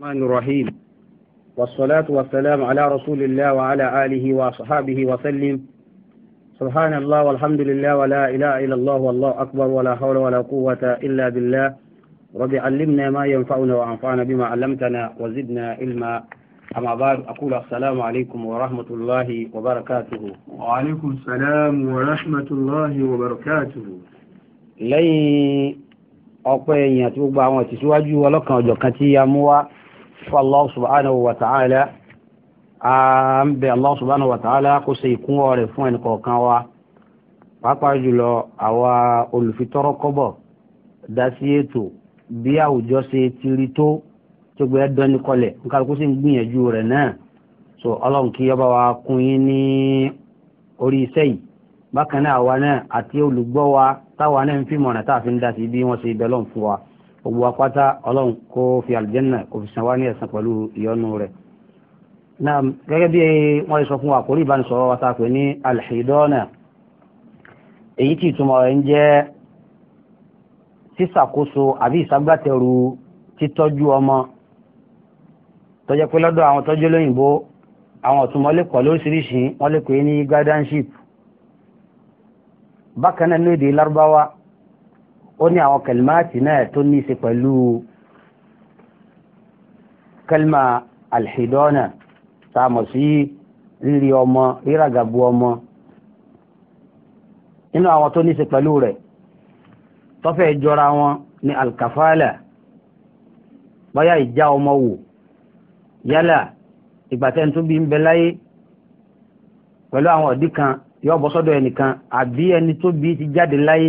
الرحمن الرحيم والصلاة والسلام على رسول الله وعلى آله وصحابه وسلم سبحان الله والحمد لله ولا إله إلا الله والله أكبر ولا حول ولا قوة إلا بالله رب علمنا ما ينفعنا وأنفعنا بما علمتنا وزدنا علما أما بعد أقول السلام عليكم ورحمة الله وبركاته وعليكم السلام ورحمة الله وبركاته لي أقوى أن يتوقع وتسواجه ولكن أجوكتي يا fún allah subhanahu wa ta'ala a ń bẹ allah subhanahu wa ta'ala kó ṣe ìkún ọrẹ fún ẹnì kọ̀ọ̀kan wa pàápàá jùlọ àwa olùfitọ́rọ́ kọ́bọ̀ dá sí ètò bí àwùjọ ṣe ti rí tó tó gbé dání kọlẹ̀ nǹkan kó sì ń gbìyànjú rẹ̀ náà so ọlọ́run kí ọba wa kún yín ní orí iṣẹ́ yìí bákan náà àwa náà àti olùgbọ́ wa táwa náà ń fi mọ̀nà tá fi ń dá sí bí wọ́n ṣe bẹ́ lọ́n fún wa gbogbo apáta ọlọ́run kó fi àlùjẹ́nà kó fi san wá ní ẹ̀san pẹ̀lú ìyọ́nú rẹ̀. náà gẹ́gẹ́ bí wọ́n sọ fún wa àkórí ìbánisọ̀rọ̀ wa ta pè ní alhidona èyí tí ìtumọ̀ rẹ̀ ń jẹ́ sísàkóso àbí ìsagbátẹrù títọ́jú ọmọ tó pé lọ́dọ̀ àwọn tọ́jú lóyìnbó àwọn ọ̀túnmọ́ lè kọ́ lóríṣiríṣi wọ́n lè pè é ní guardianship bákan náà ní èdè lárúbáwá ó ní àwọn kalimaati náà tó ní í ṣe pẹ̀lú kalima alhidona tá a mọ̀ sí rírí ọmọ ríragabu ọmọ nínú àwọn tó ní í pẹ̀lú rẹ̀ tọ́fẹ̀ jọra wọn ní alkafala bóyá ìjà ọmọ wò yálà ìgbà tẹ́ ń tún bí ń bẹ láyé pẹ̀lú àwọn ọ̀dí kan yọ bọ́ sọ́dọ̀ ẹnìkan àbí ẹni tó bí ti jáde láyé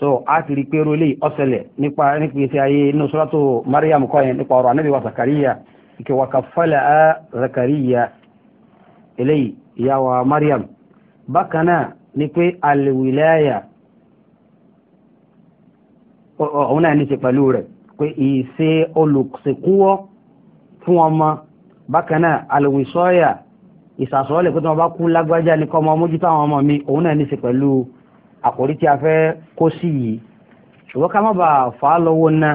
so a ti rí i pé rólé ọ̀sẹ̀lẹ̀ nípa nípìsí ayé inú suratu mariam kọ́ yẹn nípa ọ̀rọ̀ anábìwá zakariya ìkẹ́ wà kàfàlà á zakariya eléyìí ìyàwó mariam bákan náà ni pé alwilaya òun náà ní ṣe pẹ̀lú rẹ̀ pé ìṣe olùsìnkúwọ́ fún ọmọ bákan náà alwisaya ìṣàsọ́ọ́lẹ̀ pé tí wọ́n bá kú lágbájá ní kọ́ ọmọ mójútó àwọn ọmọ mi òun náà ní ṣe pẹ̀lú rẹ̀ àkòrí tí a fẹ́ kó sí yìí ṣùgbọ́n ká má bàa fà á lọ́wọ́ ná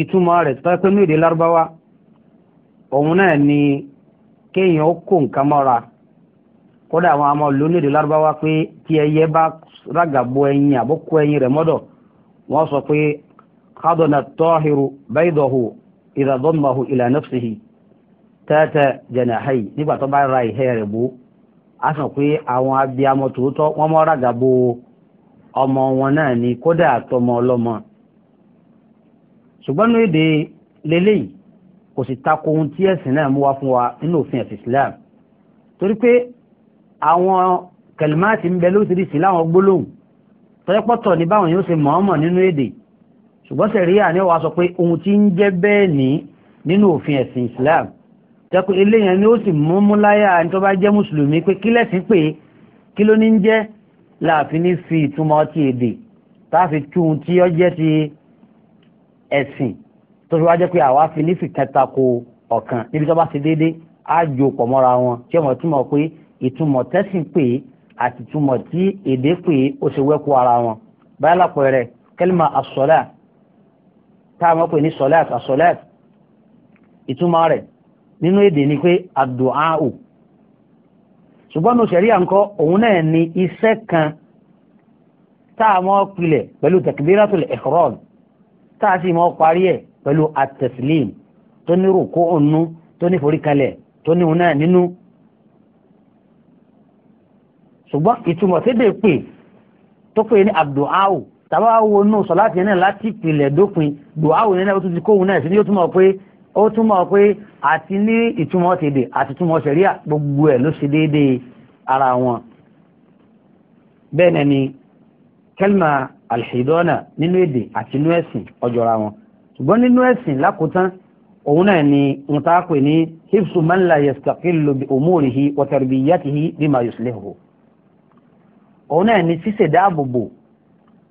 ìtumọ̀ rẹ̀ tó tọ́ pé ní èdè lárúbáwá òun náà ni kéèyàn kó nǹkan mọ́ra kódà àwọn àmọ́ lónìí èdè lárúbáwá pé tí ẹyẹ bá rágàbọ ẹyin àbókù ẹyin rẹ̀ mọ́dọ̀ wọ́n sọ pé kádọ̀nà tọ́hìrù bẹ́ẹ̀dọ̀hù ìdàdọ́mọ̀hù ìlànà fìhì tẹ́tẹ́ jẹ̀nà hẹ́yì nígbà tó bá ra ìhẹ́ rẹ̀ bó a sàn pé àwọn abiyamọ tòótọ́ wọ́n mọ́ ràgàbo ọmọ wọn náà ni kódà àtọmọ ọlọ́mọ ṣùgbọ́n ní èdè lélẹ́yìí kò sì tako ohun tí ẹ̀sìn náà mú wá fún wa nínú òfin ẹ̀sìn Islam torí pé àwọn kẹlímáàtì ń bẹ lóṣìṣì láwọn gbólóhùn tọ́jọ́pọ̀tọ̀ ní báwọn yóò ṣe mọ̀ọ́mọ̀ nínú èdè ṣùgbọ́n sẹ̀ríyà ni wàá sọ pé ohun tí ń jẹ́ bẹ́ẹ̀ ní nínú òfin ẹ̀sìn Islam jẹ́ pé eléyàn ni ó sì mú mú láyà ní tó bá jẹ́ mùsùlùmí pé kí lẹ́sìn pé kí ló ní ń jẹ́ láàfin ní fi ìtumọ̀ ti èdè táàfin túhun tí ó jẹ́ ti ẹ̀sìn tó fi wá jẹ́ pé àwa fi ní fi kẹta ko ọ̀kan níbi tó bá ti déédé á jò pọ̀ mọ́ra wọn tí ọmọ túmọ̀ pé ìtumọ̀ tẹ́sìn pé àti ìtumọ̀ tí èdè pé ó ṣe wẹ́kú ara wọn báyìí lápẹ̀rẹ̀ kẹ́lìmọ̀ àsọ̀lá táwọn pè ní sọ̀lá àsọ̀lá ìtumọ̀ rẹ̀ nínú èdè ni pé àdùáù ṣùgbọ́n ní ṣẹ̀ríà ńkọ́ òun náà ni iṣẹ́ kan tá a mọ́ pilẹ̀ pẹ̀lú takbiratul ihram tá a sì mọ́ parí ẹ̀ pẹ̀lú at-taslim tó ní rúkú ònú tó ní foríkalẹ̀ tó ní òun náà nínú ṣùgbọ́n ìtumọ̀ sédè pè tó pè ní àdùáù tàbá wo nù sọ láti yẹn náà láti pilẹ̀ dópin dùáù yẹn náà ó tún ti kóhun náà sí ni ó túmọ̀ pé ó túmọ̀ pé àti ní ìtumọ̀ tèdè àti túmọ̀ sẹ̀ríà gbogbo ẹ̀ ló ṣe déédéé ara wọn. bẹ́ẹ̀ náà ni kẹ́lìmà alhidọ́nà nínú èdè àti inú ẹ̀sìn ọjọ́ra wọn ṣùgbọ́n nínú ẹ̀sìn lákòótán òun náà ni n ta pè ní hibsu manla yastaqillu bi umurihi wa tarbiyatihi bima yuslihu òun náà ni ṣíṣe dáàbòbò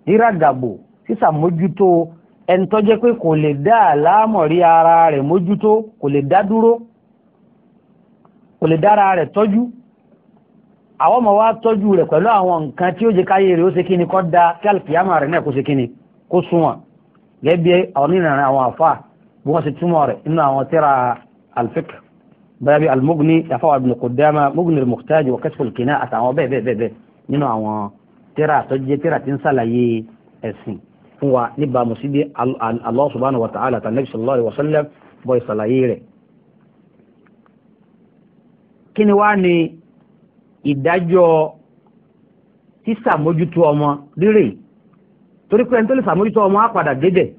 ríràgàbò sísàmójútó ẹni tó jẹ́ pé kò lè dá àlámọ̀rí ara rẹ̀ mójútó kò lè dá dúró kò lè dára rẹ̀ tọ́jú àwọn ọmọ wa tọ́jú rẹ̀ pẹ̀lú àwọn nǹkan tí ó jẹ́ káyé rẹ̀ ó ṣe kíni kọ́ da kí àlùkìyàmà rẹ̀ náà kó ṣe kíni kó sunwọ̀n gẹ́gẹ́ bí àwọn onírànà àwọn àfa bí wọ́n ṣe túmọ̀ rẹ̀ nínú àwọn tírà alfiqh bẹ́ẹ̀ bí almugni afawa ibn qudama mugni al-muhtaj wa kashful qina àtàwọn bẹ́ẹ̀ bẹ́ẹ̀ bẹ́ẹ̀ nínú àwọn tírà tó jẹ́ tírà tí ń ṣàlàyé ẹ̀sìn fún wa níbàámu sí bí Allah subhanahu wa ta'ala àti anabi sallallahu alayhi wa sallam bọ́ ìsàlàyé rẹ̀. kí ni wàá ní ìdájọ́ sísàmójútó ọmọ rírè torí pé ẹni tó lè sàmójútó ọmọ á padà débẹ̀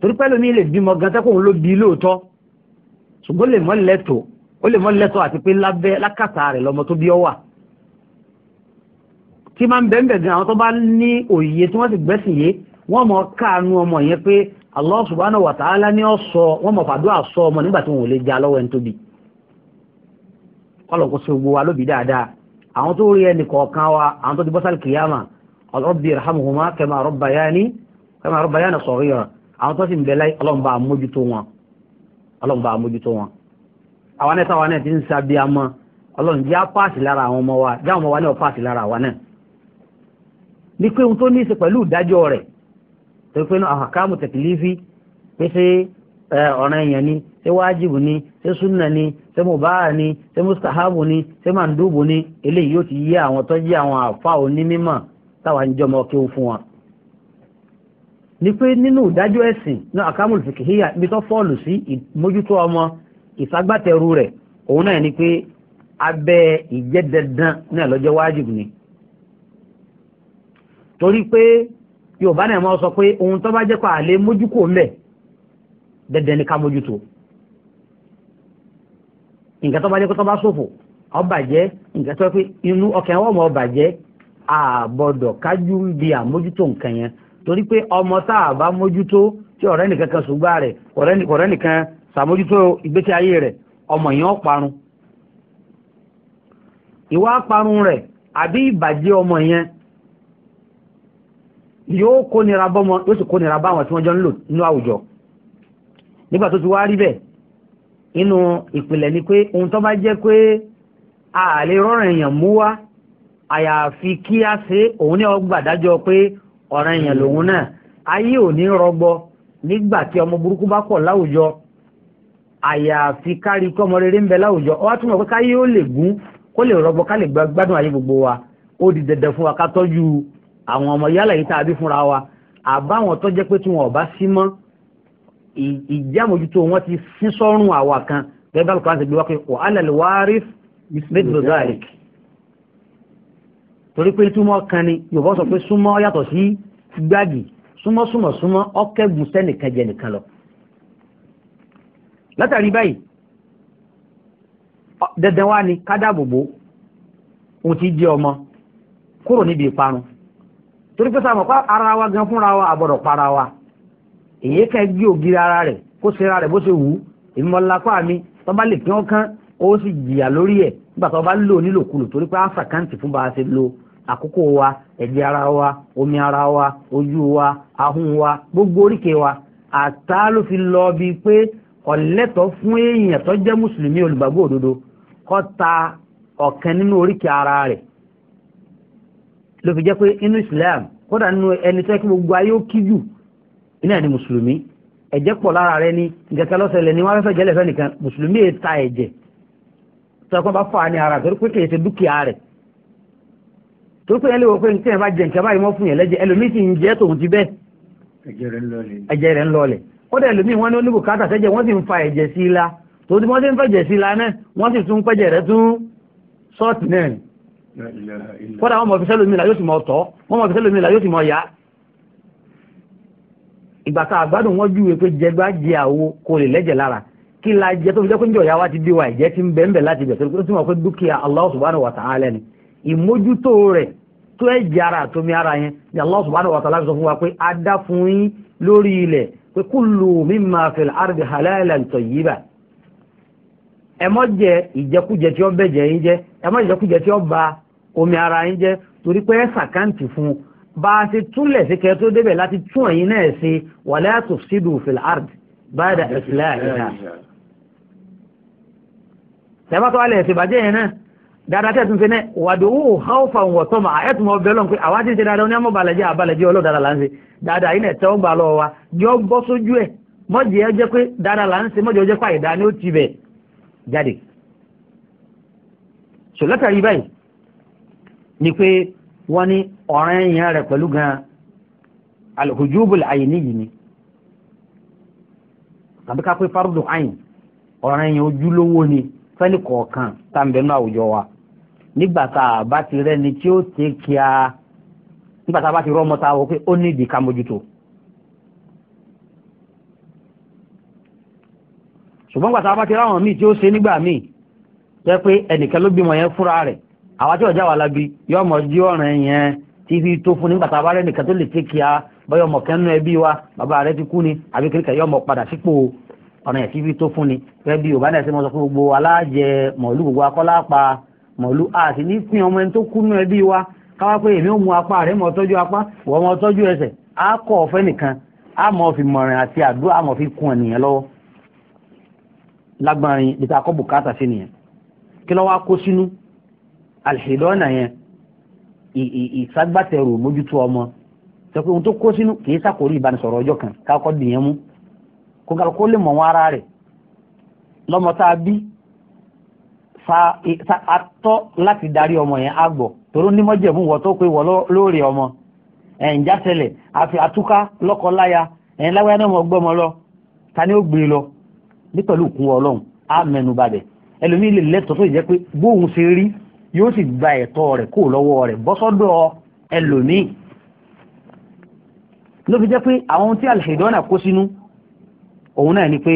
torí pé lómi lè bímọ gan tẹ́kùn ló bí lóòótọ́ ṣùgbọ́n lè mọ́ lẹ́tọ̀ọ́ ó lè mọ́ lẹ́tọ̀ọ́ àti pé lábẹ́ lákàtà rẹ̀ lọ́mọ tó bí ọ wà tí máa ń bẹ́ẹ̀ gan àwọn tó bá ní òye tí wọ́n sì gbẹ́sìn yé wọ́n mọ̀ káàánú ọmọ yẹn pé Allah subhanahu wa ta'ala ní ọ̀sọ̀ wọ́n mọ̀ fàdúrà sọ ọmọ nígbà tí wọn ò lè já lọ́wọ́ ẹni tóbi kọlọ̀ kó ṣe gbogbo wa lóbi dáadáa àwọn tó rí ẹnì kọ̀ọ̀kan wa àwọn tó ti bọ́ kìyàmà rabbi irhamhuma kama rabbayani ọlọ́run jẹ́ apáàsì lára àwọn ọmọ wa jẹ́ ọmọ wa náà apáàsì lára àwa náà Ni pé ohun tó ní í ṣe pẹ̀lú ìdájọ́ rẹ̀ tó pé náà àkàmù tẹ̀kìlífì pé ṣé ọ̀ràn èèyàn ni ṣé wájìbù ni ṣé súnà ni ṣé mùbáà ni ṣé mustahabu ni ṣé màndúbù ni eléyìí yóò ti yé àwọn tó jẹ́ àwọn àfa onímọ̀ táwa ń jọmọ kéwù fún wọn. ní pé nínú ìdájọ́ ẹ̀sìn ní àkàmù fìkìhíyà ibi tó fọ́ọ̀lù sí ìmójútó ọmọ ìfagbátẹrù rẹ̀ òun náà ni pé abẹ́ ìjẹ́dandan náà ni torí pé yorùbá náà máa sọ pé ohun tó bá jẹ́ kó àlè mójúkò ńbẹ̀ dẹ̀dẹ̀ ni ká mójútó nǹkan tó bá jẹ́ kó tó bá ṣòfò ọbàjẹ́ nǹkan tó pé inú ọkàn ọmọ ọbàjẹ́ àbọ̀dọ̀ kájú ń àmójútó nǹkan yẹn torí pé ọmọ tá a bá mójútó tí ọ̀rẹ́ nìkan kan ṣùgbọ́n rẹ̀ ọ̀rẹ́ nìkan ṣàmójútó ìgbésí ayé rẹ̀ ọmọ yẹn ọ̀parun ìwà parun rẹ̀ àbí ìbàjẹ́ ọmọ yẹn yóò kó nira bọ́mọ yóò sì kó nira báwọn tí wọ́n jọ ń lò nínú àwùjọ nígbà tó ti wá rí bẹ́ẹ̀ inú ìpìlẹ̀ ni pé ohun tó bá jẹ́ pé a lè rọrùn èèyàn mú wá àyàfi kí a ṣe òun ní ọgbà dájọ́ pé ọ̀ràn èèyàn lòun náà ayé ò ní rọgbọ nígbà tí ọmọ burúkú bá pọ̀ láwùjọ àyàfi kárí kí ọmọ rere ń bẹ láwùjọ ọ wá túmọ̀ pé káyé ó lè gún kó lè rọgbọ ká lè gbádùn ayé gbogbo wa ó di dandan fún wa ká tọ́jú àwọn ọmọ yálà yìí tá fúnra wa àbáwọn tó jẹ́ pé tí wọn ò bá sí mọ́ ìjámójútó wọn ti sí sọ́rùn àwa kan gẹ́gẹ́ bá lùkọ́ àti gbé wá pé wà á lẹ̀ wárí mẹ́tìlú zalik torí pé túmọ̀ kan ni yorùbá sọ pé súnmọ́ yàtọ̀ sí gbági súnmọ́ súnmọ́ súnmọ́ ọ̀kẹ́gun sẹ́nìkan jẹ nìkan lọ látàrí báyìí dandan wá ni kádàbòbò òun ti jẹ ọmọ kúrò níbi ìparun torí pé sàmọ̀ pa ara wa gan fúnra wa àbọ̀dọ̀ para wa èyí ká gbé ògiri ara rẹ̀ kó ṣera rẹ̀ bó ṣe wù ú èmi mọ lápá mi tó bá lè pín ọkàn ó sì jìyà lórí ẹ̀ nígbà tó bá lò nílòkulò torí pé àṣàkáǹtì fún bá a ṣe lo àkókò wa ẹ̀jẹ̀ ara wa omi ara wa ojú wa ahun wa gbogbo oríkèé wa àtá ló fi lọ bíi pé ọ̀lẹ́tọ̀ fún èèyàn tó jẹ́ mùsùlùmí olùgbàgbọ́ òdodo kó ta ọ̀kan nínú oríkèé ara rẹ̀ ló fi jẹ́ pé inú Islam kódà nínú ẹni tó yẹ kí gbogbo ayé ó kí jù iná ni mùsùlùmí ẹ̀jẹ̀ pọ̀ lára rẹ ni nǹkan lọ́sẹ̀lẹ̀ ni wọ́n fẹ́ jẹ́lẹ̀ fẹ́ nìkan mùsùlùmí yẹn ta ẹ̀jẹ̀ tó kọ́ bá fà ní ara torí pé kìí ṣe dúkìá rẹ̀ torí pé yẹn lè wọ pé nǹkan yẹn bá jẹ nǹkan báyìí mọ́ fún yẹn lẹ́jẹ̀ ẹlòmíì sì ń jẹ́ tòun ti bẹ́ẹ̀ ẹ̀jẹ̀ rẹ̀ ń lọlẹ̀ kódà kódà wọn mọ̀ fi sẹ́lómi la yóò ti mọ̀ tọ́ wọn mọ̀ fi sẹ́lómi la yóò ti mọ̀ yá ìgbà tá àgbádùn wọn júwe pé jẹgbá jẹ àwo kò lè lẹ́jẹ̀ lára kí la jẹ tó fi jẹ́ pé níjọ́ ìyá wa ti dé wa ìjẹ́ ti ń bẹ̀ ń bẹ̀ láti bẹ̀ tó tó mọ̀ pé dúkìá Allah subhanahu wa ta'ala ni ìmójútó rẹ̀ tó ẹ̀jẹ̀ ara àtomi ara yẹn ni Allah subhanahu wa ta'ala sọ fún wa pé a dá fún yín lórí ilẹ̀ pé kullu mimma fil ardi halalan tayyiban ẹ má jẹ ìjẹkújẹ tí ó bẹ̀jẹ̀ yín jẹ́ ẹ má jẹ ìjẹkújẹ tí ó ba omi ara yín jẹ́ torí pé ẹ ṣàkáǹtì fún un bá a ṣe túnlẹ̀ sí kẹ́ débẹ̀ láti tún ẹ̀yin náà ṣe wala tufsidu fil ard ba'da islahiha tẹ́bátọ́ alẹ́ ẹ̀sìn ìbàjẹ́ yẹn náà dáadáa tẹ́ tún ṣe náà wàdùwù khawfan wa tama'a ẹ̀ tún mọ bẹ́ẹ̀ lọ́n pé àwa ti ń ṣe dáadáa oníyàmọ̀ balẹ̀jẹ́ àbalẹ̀jẹ́ ọlọ́dàdà là ń ṣe dáadáa yìí náà tẹ́ ó gbà wa jọ bọ́ sójú ẹ̀ mọ́jì ẹ jẹ́ pé dáadáa là ń ṣe mọ́jì ọ jẹ́ pé àìdáa ni ó ti bẹ̀ jáde. sòlẹ́tà yìí báyìí ni pé wọ́n ní ọ̀ràn èèyàn rẹ̀ pẹ̀lú gan alhujubul àyíní yìí ni tàbí ká pé fardu ayin ọ̀ràn èèyàn ojúlówó ni fẹ́ni kọ̀ọ̀kan tá ń bẹnu àwùjọ wa nígbà tá a bá ti rẹ́ni tí ó ṣe kí a nígbà tá a bá ti rọ́mọ tá a wọ pé ó ní ìdí ká mójútó. ṣùgbọ́n gbàtà bá ti ráwọn míì tí ó ṣe nígbà míì jẹ́ pé ẹnìkan ló bímọ yẹn fúnra rẹ̀ àwa tí ọjà wà lábi yọ ọmọ jí ọ̀ràn yẹn tí fi tó fún nígbà tá a bá rẹ nìkan tó lè tẹkì á bọyọ ọmọ kẹnu ẹbí wa bàbá rẹ ti kú ni àbí kékeré yọ ọmọ padà sípò ọ̀ràn yẹn tí fi tó fún ni gẹ́gẹ́ bí yorùbá náà ṣe mọ sọ pé gbogbo alájẹ mọ̀lú gbogbo akọ́lá pa mọ̀lú àti ní pín ọmọ ẹni tó kú nú ẹbí wa káwá pé èmi ò mú apá rẹ mọ tọ́jú apá wọ́n mọ tọ́jú ẹsẹ̀ á kọ́ ọ̀fẹ́ nìkan á mọ fi mọ̀rìn àti àdúrà á mọ fi kún ènìyàn lọ́wọ́ lágbárin ìta akọ́ bùkátà sí nìyẹn kí lọ́wọ́ á kó sínú alhidọ́nà yẹn ìsagbátẹrù mójútó ọmọ sọpé ohun tó kó sínú kì í sàkórí ìbánisọ̀rọ̀ ọjọ́ kan kákọ́ dìyẹn mú kó kàlọ́ kó lè mọ̀ wọn ara rẹ̀ lọ́mọ tá a bí sa e, atọ́ láti darí ọmọ yẹn àgbọ̀ tòró ní mọ́jẹ̀mú wọ́n tó pé wọ́n lóore ọmọ ẹ̀ǹ jásẹlẹ̀ àfi àtúká lọ́kọ-láya ẹ̀ǹ láwáyá náà mọ̀ gbọ́mọ lọ ta ni ó gbé e lọ ní pẹ̀lú ọlọ́run á mẹnu balẹ̀ ẹlòmíì lè lẹ́tọ̀ọ́ tó jẹ́ pé bóun ṣe rí yóò sì gba ẹ̀tọ́ rẹ̀ kó lọ́wọ́ rẹ̀ bọ́ sọ́dọ̀ ẹlòmíì ló fi jẹ́ pé àwọn tí alhidona kó sínú òun náà ni pé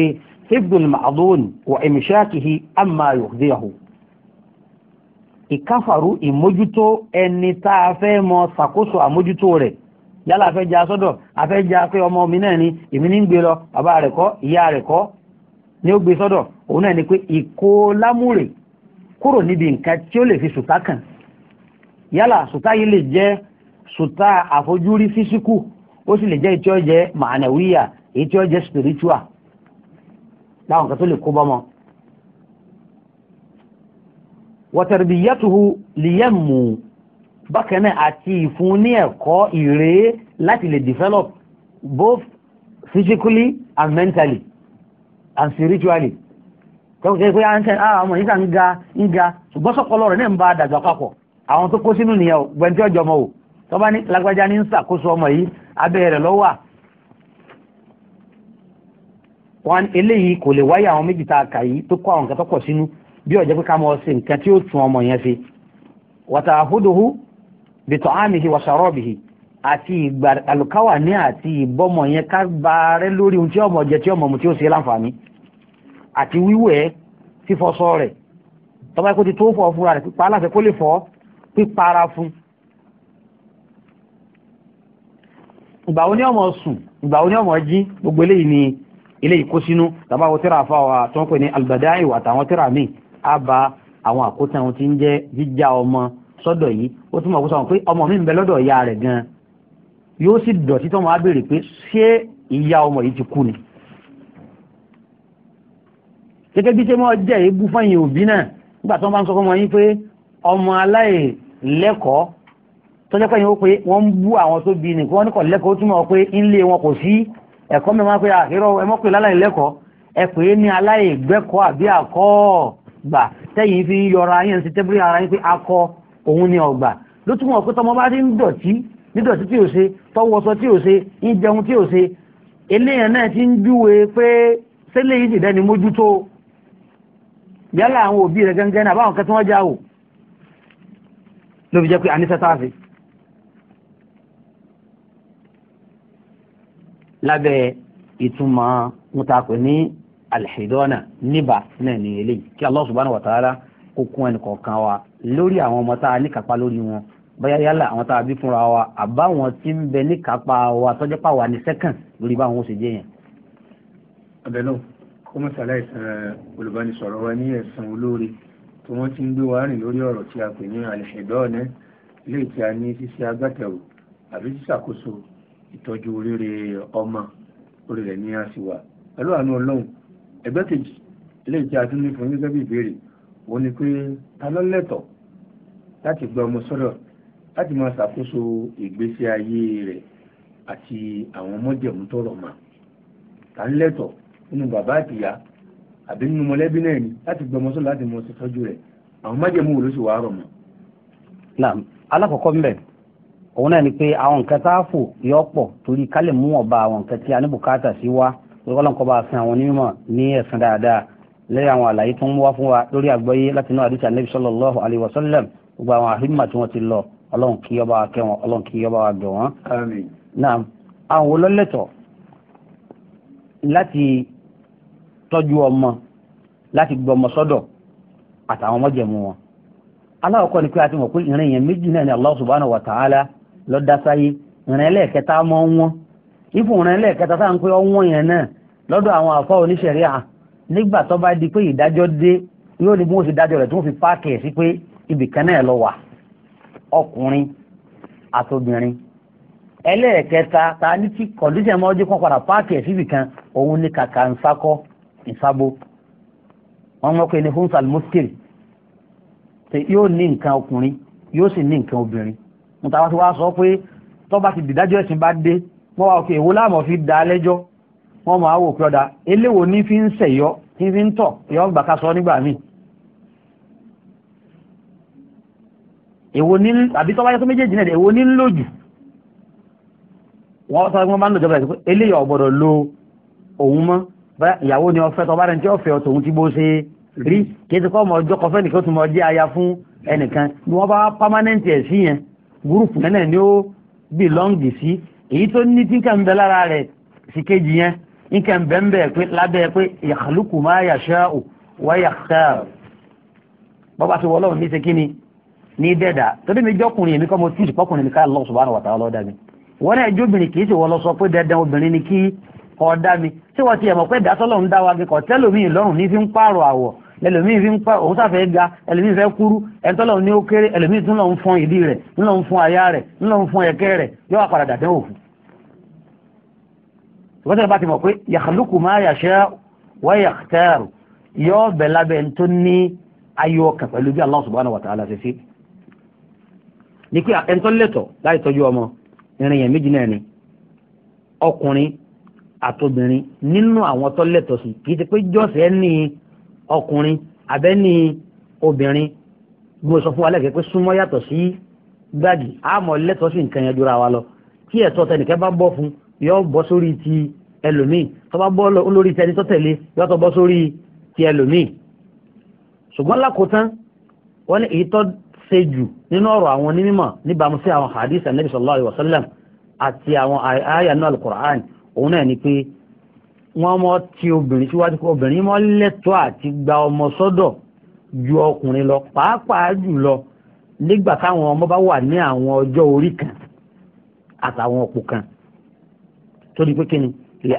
hibdul ma'adun wa imishakihi amma yukhdiyahu ìkáfàrú ìmójútó ẹni tá a fẹ́ mọ ṣàkóso àmójútó rẹ̀ yálà a fẹ́ ja sọ́dọ̀ a fẹ́ ja pé ọmọ mi náà ni èmi ní ń gbé lọ bàbá rẹ̀ kọ́ ìyá rẹ̀ kọ́ ni ó gbé sọ́dọ̀ òun náà ni pé ìkó lámúrè kúrò níbi nǹkan tí ó lè fi sùtá kàn yálà sùtá yìí lè jẹ́ sùtá àfojúrí físíkù ó sì lè jẹ́ ìtí ó jẹ́ ìtí ó spiritual láwọn kan tó lè kó bọ́mọ. wọ́tẹ̀rìbìyẹ́tuhu lìyẹ́mù bákan náà àti ìfún ní ẹ̀kọ́ ìrèé láti lè develop both physically and mentally and spiritually. tọ́kùtẹ́ pé a ń tẹ́ àwọn ọmọ yìí sà ń ga ń ga ṣùgbọ́n sọ́kọlọ rẹ̀ náà ń bá a dàgbà papọ̀ àwọn tó kó sínú nìyẹn o gbẹ̀ntẹ́ ọjọ́ ọmọ o tọ́ba ní lágbájá ní ń ṣàkóso ọmọ yìí abẹ́ rẹ̀ lọ́wọ́ wọn eléyìí kò lè wáyé àwọn méjì tá a kà yìí tó kó àwọn nǹkan tó pọ̀ sínú bí ọ̀jẹ́ pé ká mọ̀ ṣe nǹkan tí ó tún ọmọ yẹn wàtà bìtọ̀ àti ìgbà àlùkáwà ní àti wíwẹ̀ fífọṣọ rẹ̀ tọ́ba kó ti tó fọ̀ fúnra rẹ̀ pípa aláṣẹ kó lè fọ̀ pípa ara fún. ìgbà wo ni ọmọ sùn ìgbà wo ni ọmọ jí gbogbo eléyìí ni eléyìí kó sínú tàbá wo tíra fa wa tó ń pè ní albadai àtàwọn tíra míì á ba àwọn àkótán ohun tí ń jẹ́ jíjá ọmọ sọ́dọ̀ yìí ó tún mọ̀ kó sọ̀rọ̀ pé ọmọ mi ń bẹ lọ́dọ̀ ìyá rẹ̀ gan yóò sì dọ̀tí tó máa béèrè pé ṣé ìyá ọmọ yìí ti kú ni gẹ́gẹ́ bí ṣe mọ́ jẹ́ èébú fẹ́yìn òbí náà nígbà tí wọ́n bá ń sọ fún ọmọ yín pé ọmọ aláìlẹ́kọ̀ọ́ tó jẹ́ pẹ́yìn ó pé wọ́n ń bú àwọn tó bí nìkan wọ́n ní kọ̀ lẹ́kọ̀ọ́ túmọ̀ pé ńlé wọn kò sí ẹ̀kọ́ mẹ́wàá pé àkérò ẹmọ́ pé láláìlẹ́kọ̀ọ́ ẹ pè é ní aláìgbẹ́kọ̀ọ́ àbí àkọ́ gbà tẹ́yìn fi yọra yẹn sí tẹ́bírí ara yín pé akọ òun ni ọ̀gbà ló túmọ̀ pé tọmọ bá rí ń dọ̀tí ní dọ̀tí tí ò ṣe tọwọ́sọ tí ò ṣe ń jẹun tí ò ṣe eléyàn náà ti ń júwe pé sẹ́lẹ̀ yìí sì dẹ́ni mójútó yálà àwọn òbí rẹ̀ gángan náà báwọn kan tí wọ́n já o ló fi jẹ́ pé àníṣe tá lábẹ́ ìtumọ̀ mo ní alhidona níbà náà ní eléyìí kí Allah subhanahu wa ta'ala kó kún ẹnì kọ̀ọ̀kan wa lórí àwọn ọmọ tá a níkàpá lórí wọn bóyá yálà àwọn tá a bí fúnra wa àbáwọn tí ń bẹ níkàpá wa tọ́jọ́pá wa ní sẹ́kàn lórí báwọn ó ṣe jẹ́ yẹn. abẹ náà kọ́mọ̀sálà ìsàn olùbánisọ̀rọ̀ wa ní ẹ̀sán olóore tí wọ́n ti ń gbé wa rìn lórí ọ̀rọ̀ tí a pè ní àlẹ́ṣẹ̀dọ́ọ̀nẹ́ ilé tí a ní ṣíṣe agbátẹ̀wò àbí ṣíṣàkóso ìtọ́jú oríire ọmọ orí rẹ̀ ní a sì wà pẹ̀lú àánú ọlọ́run ẹgbẹ́ kejì ilé tí a tún ní fún gẹ́gẹ́ bí ìbéèrè òun ni pé ta ló lẹ́tọ̀ọ́ láti gba ọmọ sọ́dọ̀ láti máa ṣàkóso ìgbésí ayé rẹ̀ àti àwọn ọmọdéhùn tó rọ̀ mọ́ ta ń lẹ́tọ̀ọ́ nínú bàbá àtìyá àbí nínú mọ̀lẹ́bí náà ni láti gbọmọ sọ láti mọ sí tọ́jú rẹ̀ àwọn májèmú wo ló sì wàá rọ̀ mọ́. naam alákọ̀ọ́kọ́ mbẹ̀ òun náà ni pé àwọn nǹkan tá a fò yọ pọ̀ torí ká lè mú ọba àwọn nǹkan tí a ní bùkátà sí wa lọ́kọ́ lọ́nkọ́ bá a sin àwọn onímọ̀ ní ẹ̀sán dáadáa lẹ́yìn àwọn àlàyé tó ń wá fún wa lórí àgbọ́yé láti náà àdìsí ànábì sallallahu alaihi wasallam gbogbo àwọn àhímà tí wọ́n ti lọ ọlọ́run kí ọba wa kẹ́ wọn ọlọ́run kí ọba wa gẹ̀ wọ́n. naam àwọn olólẹ́tọ̀ láti tọ́jú ọmọ láti gbọ́ ọmọ sọ́dọ̀ àtàwọn ọmọjẹ̀mú wọn aláwọ̀kọ́ ni pé a ti mọ̀ pé ìran èèyàn méjì náà ni Allah subhanahu wa ta'ala ló dá sáyé ìran ẹlẹ́ẹ̀kẹta mọ́ wọn ipò ìran ẹlẹ́ẹ̀kẹta sáà ń pé ọwọ́n yẹn náà lọ́dọ̀ àwọn àfọ́ oníṣẹ̀ríà nígbà tó bá di pé ìdájọ́ dé yóò ní bí wọ́n ti dájọ́ rẹ̀ tí wọ́n fi páàkì ẹ̀ sí pé ibì kan náà lọ wà ọkùnrin àtobìnrin ẹlẹ́ẹ̀kẹta ta ní tí kọ̀díṣẹ̀ mọ́ kan padà páàkì ẹ̀ síbì kan òun ni kàkà ń sákọ́ ìsábò wọ́n mọ̀ pé ní hunsal muskil ṣe yóò ní nǹkan ọkùnrin yóò sì ní nǹkan obìnrin mùtàwá ti wá sọ pé tó bá ti dìdájọ́ ẹ̀sìn bá dé wọ́n wá òkè èwo láàmú fi dá lẹ́jọ́ wọ́n máa wò pé ọ̀dà eléwo ní fi ń sẹ̀yọ́ tí fi ń tọ̀ yọ gbà ká sọ nígbà míì èwo ní àbí tó bá méjèèjì náà èwo ní lójú wọ́n sọ pé wọ́n máa ń lò ẹ̀sìn pé eléyà ọ̀gbọ́dọ̀ lo òun mọ́ ìyàwó ni ọfẹ́ tọ́ bá rẹ̀ ń tí ọ̀fẹ́ ọ̀tòun ti bó ṣe rí kéde kọ́ ọmọ ọjọ́ kọfẹ́ nìkan tó mọ jẹ́ aya fún ẹnìkan ni wọ́n bá wá pámánẹ́ǹtì sí yẹn gúrùpù yẹn náà ni ó bì lọ́ǹgì sí èyí tó ní tí nǹkan bẹ lára rẹ̀ sí kejì yẹn nǹkan bẹ ń bẹ pé lábẹ́ pé yakhluqu ma yasha'u wa yakhtar bọ́ba ti wọlọ́run ní ṣe kí ni ní dẹ́dà torí mi jọkùnrin èmi kọ́ mo tíì pọ́kùnrin mi ká Allah subhanahu wa ni kí ọ̀dá mi tí wọ́n ti ẹ̀mọ̀ pé ìdásọ́ lọ́run dá wa gẹ̀kọ́ tẹ́lòmíì lọ́rùn ní fi ń pààrọ̀ àwọ̀ ẹlòmíì fi ń pa òun sàfẹ́ ga ẹlòmíì fẹ́ kúrú ẹ̀ńtọ́lọ́run ní ó kéré ẹlòmíì tún lọ́run fún ìdí rẹ̀ ńlọ́run fún àyà rẹ̀ ńlọ́run fún ẹ̀kẹ́ rẹ̀ yóò padà dàdé òfin. ìwọ́n bá ti mọ̀ pé yàkàlùkù máa yàṣẹ́ wáyà tẹ́rù yóò bẹ̀ lábẹ́ ń tó ní ayọ̀ ọkàn pẹ̀lú bí Allah subhanahu wa ta'ala ṣe sí. ní pé ẹ̀ńtọ́lẹ́tọ̀ láì tọ́jú ọmọ ìrìnyẹn ni ọkùnrin àtobìnrin nínú àwọn tó lẹ́tọ̀ọ́ sí kì í ti pé jọ́sẹ̀ ní ọkùnrin abẹ́ ní obìnrin gbogbo sọ fún wa lẹ́kẹ̀ẹ́ pé súnmọ́ yàtọ̀ sí gbági àmọ́ lẹ́tọ̀ọ́ sí nǹkan yẹn jura wa lọ tí ẹ̀tọ́ tẹnìkẹ́ bá bọ́ fún yọ bọ́ sórí ti ẹlòmíì tó bá bọ́ lórí tẹni tó tẹ̀lé yọ tó bọ́ sórí ti ẹlòmíì ṣùgbọ́n lákòótán wọ́n ní èyí tó ṣe jù nínú ọ̀rọ̀ àwọn onímọ̀ níbàámu sí àwọn hadith anabi sallallahu alayhi wa sallam àti àwọn àyà náà alukur'an òun náà ni pé wọ́n mọ́ ti obìnrin síwájú pé obìnrin mọ́ lẹ́tọ́ àti gba ọmọ sọ́dọ̀ ju ọkùnrin lọ pàápàá jùlọ nígbà táwọn ọmọ bá wà ní àwọn ọjọ́ orí kan àtàwọn ọ̀pọ̀ kan torí pé kíni lè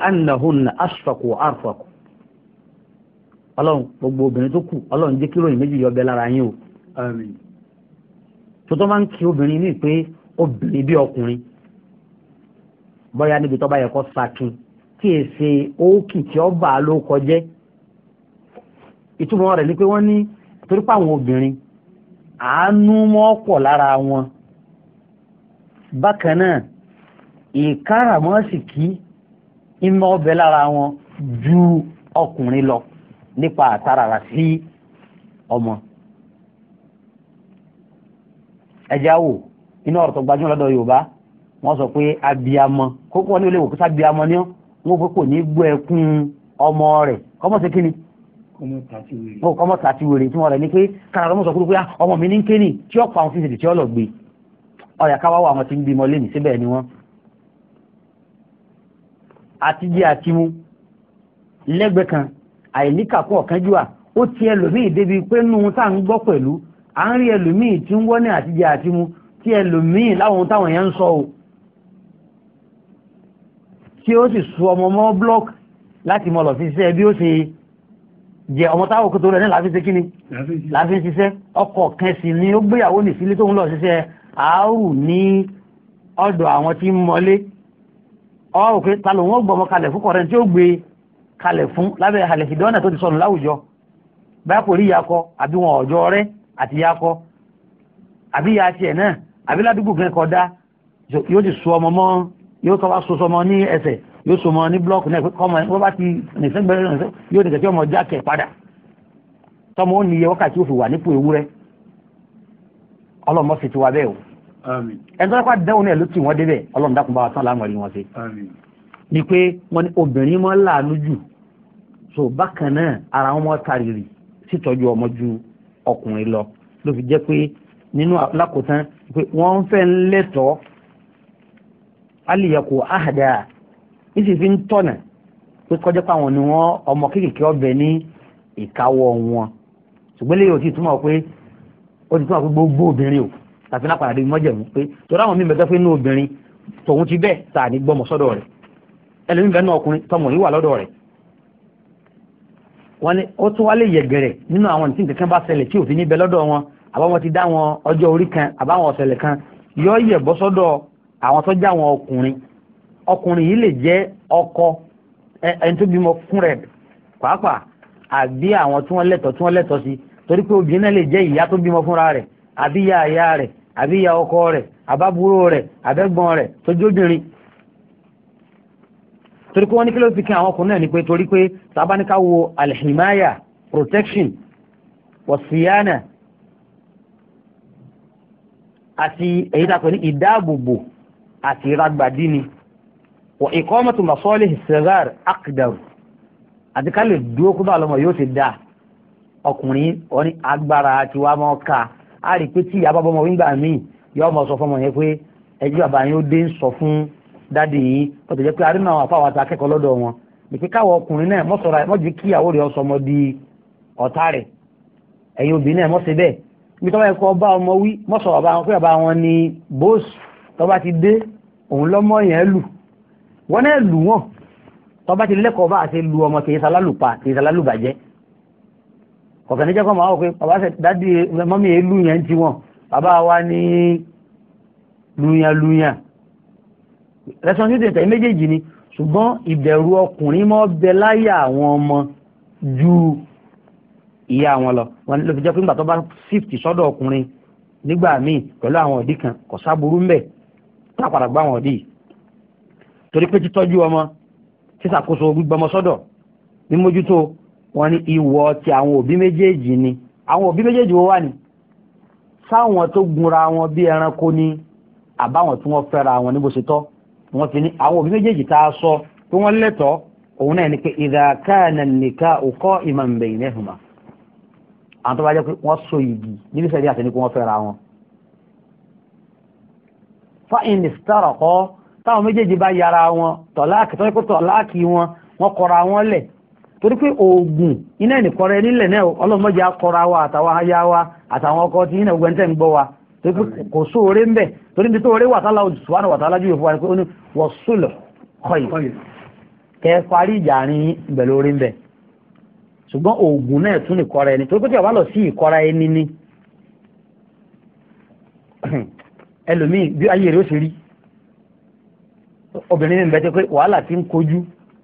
ọlọ́run gbogbo obìnrin tó kù ọlọ́run jẹ́ kíròyìn méjì yọ lára yín o tó máa ń kí obìnrin ní pé obìnrin bí ọkùnrin bóyá níbi tó bá yẹ kó sakin tí èsè ókì tí ó bà á ló kọjẹ́ ìtumọ̀ rẹ̀ ni pé wọ́n ní torí pé àwọn obìnrin àánú mọ́ pọ̀ lára wọn bákan náà ìkáràmọ́sìkí ìmọ̀ ọbẹ̀ lára wọn ju ọkùnrin lọ nípa àtàràrà sí ọmọ ẹjá wò inú ọ̀rọ̀ tó gbajúmọ̀ lọ́dọ̀ Yorùbá wọ́n sọ pé abiyamọ kókó wọn ní olè wò kó sábiyamọ ni wọ́n pé kò ní gbọ́ ẹkún ọmọ rẹ̀ kọ́mọ sí kíni. kọ́mọ tàti wèrè tí wọ́n rẹ̀ ni pé kàràdọ́ mọ̀ sọ pé ah, ọmọ mi ní kéènì tí ó pa àwọn fífi tí ó lọ gbé ọ̀yà káwá wà àwọn tí ń bímọ lé mi síbẹ̀ ni wọ́n. àti jẹ́ àti mu lẹ́gbẹ̀ẹ́ kan àìníkàkọ́ ọ̀kánjúà ó ti ẹlòmíì débi pé nù tá à ń gbọ́ pẹ̀lú à ń rí ẹlòmíì tí ń wọ́n ní àtijọ́ àti tí ẹlòmíì láwọn táwọn yẹn ń sọ o tí ó sì sun ọmọ mọ́ block láti mọ lọ sí iṣẹ́ bí ó ṣe jẹ ọmọ táwọn kòtò rẹ̀ ní láfi ṣe kíni láfi ṣiṣẹ́ ọkọ̀ kan sì ni ó gbéyàwó ní sílé tó ń lọ ṣiṣẹ́ àárù ní ọ̀dọ̀ àwọn tí ń mọlé ọ̀rọ̀ pé ta ló ń gbọ́ ọmọ kalẹ̀ fún kọ̀rẹ́ tí ó gbé kalẹ̀ fún lábẹ́ àlẹ́ ìdánwò tó ti sọnù láwùjọ báyà kò rí yakọ àbí wọn ọ̀jọ́ rẹ àti yakọ àbí ya tiẹ̀ náà àbí ládùúgbò kan kọ dá yóò ti sun ọmọ mọ́ yóò tọ́ wá sọsọ mọ́ ní ẹsẹ̀ yóò sọ mọ́ ní blọ́ọ̀kì náà kọ́mọ ẹ̀ wọ́n bá ti nìsẹ́gbẹ̀rẹ́ náà yóò nìkẹ́ tí ọmọ jákẹ́ padà tọ́mọ ó níye wákàtí ó fi wà nípò ewúrẹ́ ọlọ́mọ sì ti wá bẹ́ẹ̀ o ẹni tó lọ́pàá dẹ́wọ̀n náà ló tì wọ́n débẹ̀ ọlọ́run dákun bá wa tán láàmú ẹ̀rí wọn sí ni pé wọ́n ní obìnrin mọ́ láàánú jù so bákan náà ara wọn mọ́ tarìrì sítọ́jú ọmọ ju ọkùnrin lọ ló fi jẹ́ pé nínú lákòótán pé wọ́n fẹ́ ń lẹ́tọ̀ọ́ alìyẹ̀kù àhàdà ìsì fi ń tọ̀nà pé kọjá pé àwọn ni wọ́n ọmọ kéékèèké ọbẹ̀ ní ìkáwọ́ wọn ṣùgbọ́n lẹ́yìn òtí túmọ̀ pé ó ti túmọ̀ pé gbogbo obìnrin o tàbí lápàdé mọ́jẹ̀mú pé torí àwọn mímẹ́tọ́ pé inú obìnrin tòun ti bẹ́ẹ̀ tà ní gbọ́mọ sọ́dọ̀ rẹ̀ ẹlòmíì bẹ́ẹ̀ náà ọkùnrin tọmọ yìí wà lọ́dọ̀ rẹ̀ wọ́n ní ó tún wá lè yẹ̀gẹ̀rẹ̀ nínú àwọn tí nǹkan kan bá ṣẹlẹ̀ tí òfin níbẹ̀ lọ́dọ̀ wọn àbáwọn ti dá wọn ọjọ́ orí kan àbáwọn ọ̀sẹ̀lẹ̀ kan yọ yẹ̀ bọ́ sọ́dọ̀ àwọn tó jẹ́ àwọn ọkùnrin ọkùnrin yìí lè jẹ́ ọkọ ẹni tó bímọ fún rẹ̀ pàápàá àbí àwọn tí wọ́n lẹ́tọ̀ọ́ tí wọ́n lẹ́tọ̀ọ́ sí torí pé obìnrin náà lè jẹ́ ìyá tó bímọ fúnra rẹ̀ àbí ìyá ìyá rẹ̀ àbí ìyá ọkọ rẹ̀ àbábúrò rẹ̀ àbẹ́gbọ́n rẹ̀ tó jóbìnrin torí pé wọ́n ní kí ló fi kí àwọn ọkùnrin náà ni pé torí pé sábàáníkà wo alhimaya protection wasiyana àti èyí tá a pè ní ìdáàbòbò àti ìragbàdí ni wọ ìkọ́mọ̀tò masọ́ọ́lì sẹ́gàr akdam àti ká lè dúró kó bá lọ́mọ yóò ti dà ọkùnrin ọ̀ní agbára tí wàá mọ̀ ká a rí i pé tí ìyá bàbá ọmọ wíńgbà míì yọ ọmọ sọ fọmọ yẹn pé ẹjú bàbá yẹn ó dé ń sọ fún dáàdì yìí ó tẹ̀lé pé arínà àwọn afáwọn àti akẹ́kọ̀ọ́ lọ́dọ̀ wọn ìpín káwọn ọkùnrin náà mọ̀ sọ̀rọ̀ mọ̀ ju kí ìyàwó rẹ̀ ọsọmọ di ọ̀tá rẹ̀ ẹ̀yin obìnrin náà mọ̀ ṣe bẹ́ẹ̀ ibi tí wọ́n yẹ ọmọ wí mọ̀ sọ̀rọ̀ bá wọn pé bàbá wọn ni bóòsù tó bá ti dé òun lọ́mọ yẹn lù wọ́n náà lù wọ́n tó bá ti lẹ́kọ̀ọ́ bá àti lu ọmọ kìí salálùpa kìí salálùbàjẹ́ kọ̀ọ̀kan níjẹ́ kọ́ máa wọ̀ pé bàbá ṣe dádì mọ́mí yẹn lù yẹn ti wọn bàbá wa ní luyan luyan responsibility tẹ̀ méjèèjì ni ṣùgbọ́n ìbẹ̀rù ọkùnrin mọ́ bẹ láyà àwọn ọmọ ju ìyá wọn lọ wọn ló fi jẹ́ pé nígbà tó bá shift sọ́dọ̀ ọkùnrin nígbà míì pẹ̀lú àwọn ìdí kan kò sáburú ń bẹ̀ tá a padà gbá wọn dì torí pé títọ́jú ọmọ sísàkóso gbígbọmọ sọ́dọ̀ mímójútó wọn ní ìwọ ti àwọn òbí méjèèjì ni àwọn òbí méjèèjì wo wà ní sáwọn tó gunra wọn bí ẹranko ni àbáwọn tí wọ́n fẹ́ra wọn níbo ṣe tọ́ wọ́n fi ní àwọn òbí méjèèjì tá a sọ pé wọ́n lẹ́tọ̀ọ́ òun náà ni pé idha kana an-nikāhu qā'iman àwọn tó bá jẹ́ pé wọ́n so igi níbi sẹ́dí àti pé wọ́n fẹ́ra wọn fáìn ìsítàràkọ́ táwọn méjèèjì bá yára wọn tọ̀láàkì tó yẹ kó tọ̀láàkì wọn wọn kọra wọn lẹ̀ torí pé oògùn iná ìnìkọ́rẹ́ nílẹ̀ náà ọlọ́mọdé akọra wa àtàwọn aya wa àtàwọn ọkọ tí iná gbẹ́ntẹ́ ń gbọ́ wa torí pé kò sóore ń bẹ̀ torí níbi tó wà sálà subhanahu wa ta'ala yóò fún wa pé ó ní wọ́n sùlọ̀ kọ́yì kẹ́ ẹ parí ìjà rin ìbẹ̀lórí ń bẹ̀ ṣùgbọ́n oògùn náà tún ìkọ́ra ẹni torí pé tí a lọ sí ìkọ́ra ẹni ni ẹlòmíì bí ayé rẹ̀ ó ṣe rí obìnrin mi bẹ́tẹ̀ pé wàhálà ti ń kojú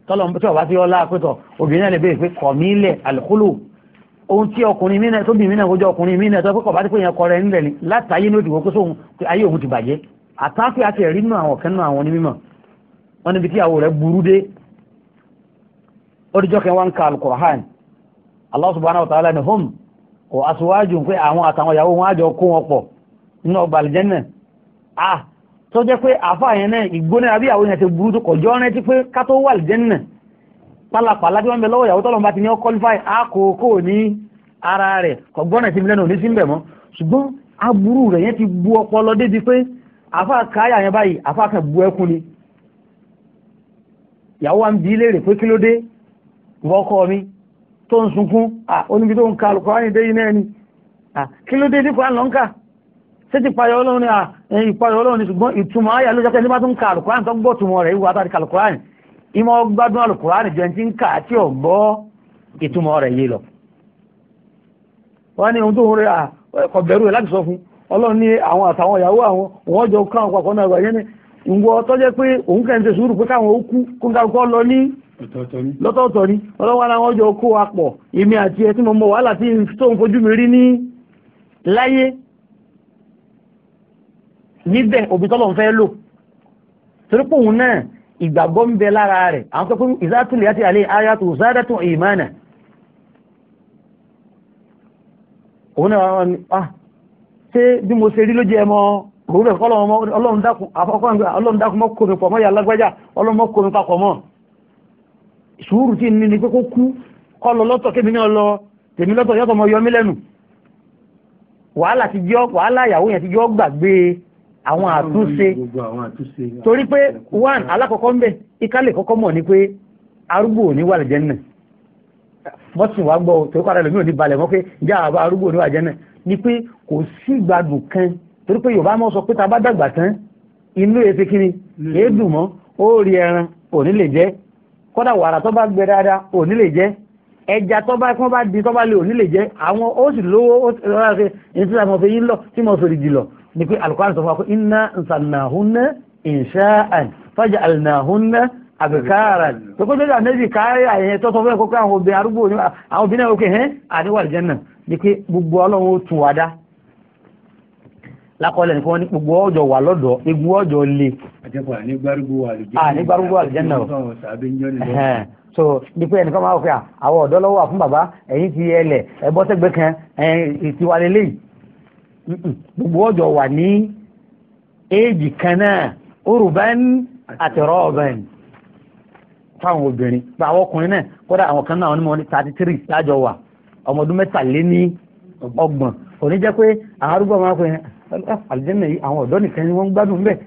tọ́lọ̀ tí ọba ti ọlá pẹ́tọ̀ obìnrin náà lè béèrè pé kọ̀ mí lẹ̀ àlùkòlò ohun tí ọkùnrin mi náà tóbi mi náà kójú ọkùnrin mi náà tó pé kọ̀ọ̀bá ti pé yẹn kọrẹ nílẹ̀ ni látàyé ní òdìwọ́ kó sóhun pé ayé òun ti bàjẹ́ àtàkì àti ẹ̀rí nù àwọn ọ̀kẹ́ nù àwọn onímọ̀ wọn níbi tí àwọ̀ rẹ̀ burú dé ọdíjọ́ kẹ́ wọn ka alukur'an Allah subhanahu wa ta'ala ni hum kò aṣíwájú pé àwọn àtàwọn ìyàwó wọn àjọ kó wọn pọ̀ nínú ọgbà àlìjẹ́nnà ah tó jẹ́ pé àáfàá yẹn náà ìgbóná àbí àwọn èèyàn ti burú tó kọjọ́ rántí pé ká tó wà lìjẹ́nà pálapàla bí wọ́n bẹ lọ́wọ́ ìyàwó tọ́lọ́mù bá ti ní ọ́ qualify àkókò ní ara rẹ̀ kọ̀gbọ́n ẹ̀sìn lẹ́nu òní sí ń bẹ̀ mọ́ ṣùgbọ́n aburú rẹ̀ yẹn ti bu ọpọlọ débi pé àáfàá káyà yẹn báyìí àáfàá kan bu ẹkún ni ìyàwó wa ń bi léèrè pé kí ló dé ìwọ́kọ mi tó ń ṣé ti payọ ọlọ́run ni ìpayọ ọlọ́run ni ṣùgbọ́n ìtumọ̀ ayà ló jẹ́ pé ẹni bá ka alukurani tó gbọ́ tumọ̀ rẹ̀ ìwà àtàrí kalukurani ìmọ̀ gbádùn alukurani jẹ́ ti ń àti ọ̀gbọ́ ìtumọ̀ rẹ̀ yé lọ. wọ́n ní ohun tó ń rẹ̀ ẹ̀kọ́ bẹ̀rù rẹ̀ láti sọ fún ọlọ́run ní àwọn àtàwọn ìyàwó àwọn wọ́n jọ káwọn papọ̀ náà wà níbẹ̀ òbí tọ́lọ̀ ń fẹ́ lò torí pé òun náà ìgbàgbọ́ ń bẹ lára rẹ̀ àwọn pẹ́pẹ́ ìzátùlẹ̀ àti àlẹ́ ayatu zádàtù ìmánà òun náà wọ́n ah ṣé bí mo ṣe rí ló jẹ́ ẹmọ òun rẹ̀ kọ́ ọlọ́run dákun mọ́ kòmí pọ̀ mọ́ yà lágbájá ọlọ́run mọ́ kòmí papọ̀ mọ́ sùúrù tí ní ni pé kó kú kọ́ lọ lọ́tọ̀ kébì náà lọ tèmi lọ́tọ̀ yọ́tọ̀ mọ́ yọmí lẹ́nu wàhálà ti jọ́ wàhálà ìyàwó yẹn ti jọ́ gbàgbé àwọn àtúnṣe torí pé one alákọ̀ọ́kọ́ ń bẹ̀ ìkálẹ̀ kọ́kọ́ mọ̀ ni pé arúgbó ò ní wà lẹ́jẹ̀ náà mọ́tì wàá gbọ́ torí padà lómi ò ní balẹ̀ mọ́ pé jẹ́ àbá arúgbó ò wà lẹ́jẹ̀ náà ni pé kò sí ìgbádùn kan torí pé yorùbá mọ̀ sọ pé ta bá dàgbà tán inú ètè kínní èédù mọ́ ó rí ẹran ò ní lè jẹ kódà wàrà tó bá gbẹ dáadáa ò ní lè jẹ ẹja tó bá kán bá di tó bá lè ò lè jẹ àwọn ó sì lówó ó ti rọra ni pé alukóran sọ fún wa pé inna nsànàhúnná ìnṣáàn fàjà àlùnàhúnná àbíkárà tó kó sójà méjì káyà yẹn tó sọ fún ẹ kókó àwọn obìnrin arúgbó ni àwọn obìnrin náà ó kè hẹ́n àdéhùn ni pé gbogbo ọlọ́run ó tún wá dá lakọlẹ nìkan wọn gbogbo ọjọ́ wà lọ́dọ̀ egun ọjọ́ le. àtẹkọ ànígbárúgbó àlùjẹ́nà o so dípò ẹnìkan máa wọ pé àwọn ọ̀dọ́ lọ́wọ́ wà fún bàbá ẹ̀yìn ti ẹlẹ̀ ẹ̀bọ́sẹ̀gbẹ̀ kan ẹ̀ ìtiwálélẹ́yìí gbogbo ọjọ́ wà ní éèjì kan náà urban àti rọ́ọ̀bẹ̀n fáwọn obìnrin gba àwọn ọkùnrin náà kódà àwọn kan náà wọn ni mo ní thirty three lájọ wà ọmọ ọdún mẹ́tàléní ọgbọ̀n kò ní jẹ́ pé àwọn arúgbó máa ń pè é ah, àlùjẹ́nà yìí àwọn ọ̀dọ́ nìkan ni wọ́n ń gbádùn bẹ́ẹ̀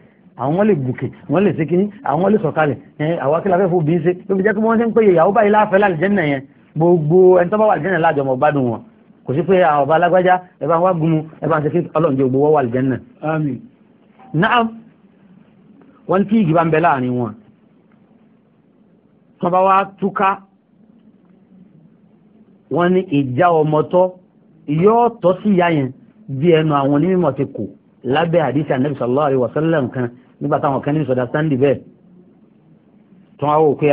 àwọn wọn lè gòkè wọn lè sékìní àwọn wọn lè sọ̀kalẹ̀ ẹ̀ àwọn akílà fẹ́ obìnrin ṣe ló jẹ́ pé wọ́n ṣe ń pè é ìyàwó báyìí láàfẹ́ láàlùjẹ́nà yẹn gbogbo ẹni tó bá wà àlùjẹ́nà láàjọ ọmọ gbádùn wọn kò sí pé àwọn ọba alágbájá ẹ bá wá gumu ẹ bá ń sèké ọlọ́run jẹ́ gbogbo wà lìjẹ́ náà. àmín. náà wọ́n tí igi bá ń bẹ láàrin wọn tí wọ́n bá wá túká wọ́n ní ìjà ọmọtọ́ yóò tọ́ sí ìyá yẹn bí ẹnu àwọn onímọ̀ ti kù lábẹ́ àdìsí ànábì sallallahu alaihi wasallam nǹkan nígbà táwọn kan ní sọ̀dá sáńdì bẹ́ẹ̀ tí wọ́n á wò pé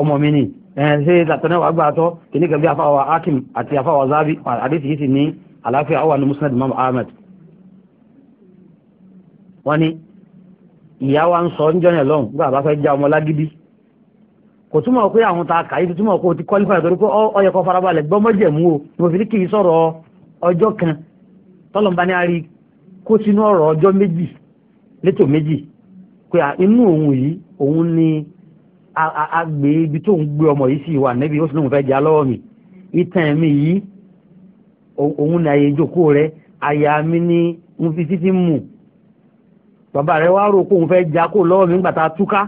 ọmọ mi nìyí ẹn ṣe tàtọ́nà wà gbàtọ́ kìíní kan afáwà akim àti afáwà zabi àdéhìí sì ní àlàáfíà àwọn ní musnad imam ahmed wọ́n ní ìyá wa ń sọ ń jọ́nà lọ́hùn gbà bá fẹ́ já ọmọ lágídí kò túmọ̀ pé àwọn ta kàyí túmọ̀ pé o ti qualify torí pé ó yẹ kó farabalẹ̀ gbọ́ mọ́jẹ̀mú o mo fi ní kì í sọ̀rọ̀ ọjọ́ kan tọ́lọ̀mbá ní àárí kó sínú ọ̀rọ̀ ọjọ́ méjì létò méjì pé inú òun yìí òun ni agbè ibi tó ń gbé ọmọ yìí sì wà níbi ó sì lóun fẹ́ jà lọ́wọ́ mi ìtàn mi yìí òun ní àyè ìjókòó rẹ àyà mi ni mo fi títí mù bàbá rẹ wá rò pé fẹ́ jà kó lọ́wọ́ mi nígbà tá túká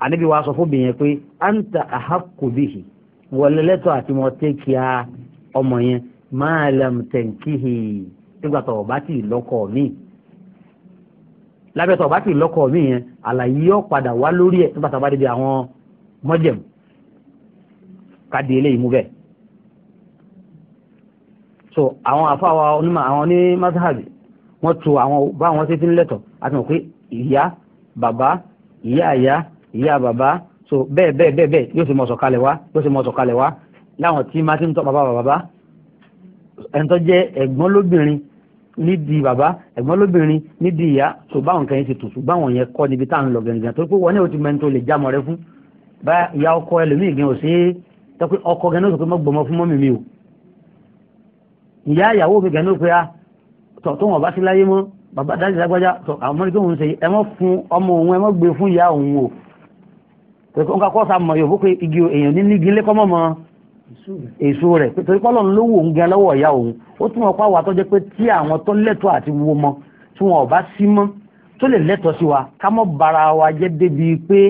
àníbi wa sọ fóbìnrin yẹn pé anta ahakobihi wọlé lẹ́tọ̀ àti mo tẹ́ kí a ọmọ yẹn máa lẹ́mtẹ̀ǹkìhì nígbà tó o bá ti lọ́kọ̀ míì lábẹ́tọ̀ bá ti lọ́kọ̀ mí yẹn àlàyé yóò padà wá lórí ẹ̀ nígbà tá a àwọn mọ́jẹ̀mú káde eléyìí mú bẹ́ẹ̀. so àwọn àfáwà onímọ̀ àwọn ní mazhabi wọ́n tu àwọn bá wọn ṣe ti ń lẹ́tọ̀ àti mọ̀ pé ìyá bàbá ìyá ìyá ìyá bàbá so bẹ́ẹ̀ bẹ́ẹ̀ bẹ́ẹ̀ bẹ́ẹ̀ yóò ṣe mọ̀ sọ̀kalẹ̀ wá yóò ṣe mọ̀ sọ̀kalẹ̀ wá láwọn tí má ti ń tọ́ bàbá bàbá ẹni tó jẹ́ ẹ̀gbọ́n lóbìnrin nídìí bàbá ẹ̀gbọ́n lóbìnrin nídìí ìyá tó báwọn kan yẹn ti tò ṣùgbọ́n àwọn yẹn kọ́ níbi tá à ń lọ gẹ̀ǹgẹ̀ tó pé wọ́n ní o ti mẹ́ni tó lè jámọ̀ rẹ fún bá ìyá ọkọ ẹlòmíì gan ò sí tọ́pẹ́ ọkọ gan náà sọ pé mọ́ gbọmọ fún mọ́mì mi o ìyá ìyàwó mi gan náà pé a ah, tọ̀ tó wọn bá sí láyé mọ́ bàbá dájú lágbájá tọ̀ àwọn mọ́ èso rẹ̀ torí pé ọlọ́run ló wò ń gan lọ́wọ́ ìyá òun ó túmọ̀ pa wà tó jẹ́ pé tí àwọn tó lẹ́tọ̀ọ́ àti wo mọ tí wọn ò bá sí mọ́ tó lè lẹ́tọ̀ọ́ sí wa ká mọ́ bara wa jẹ́ débi pé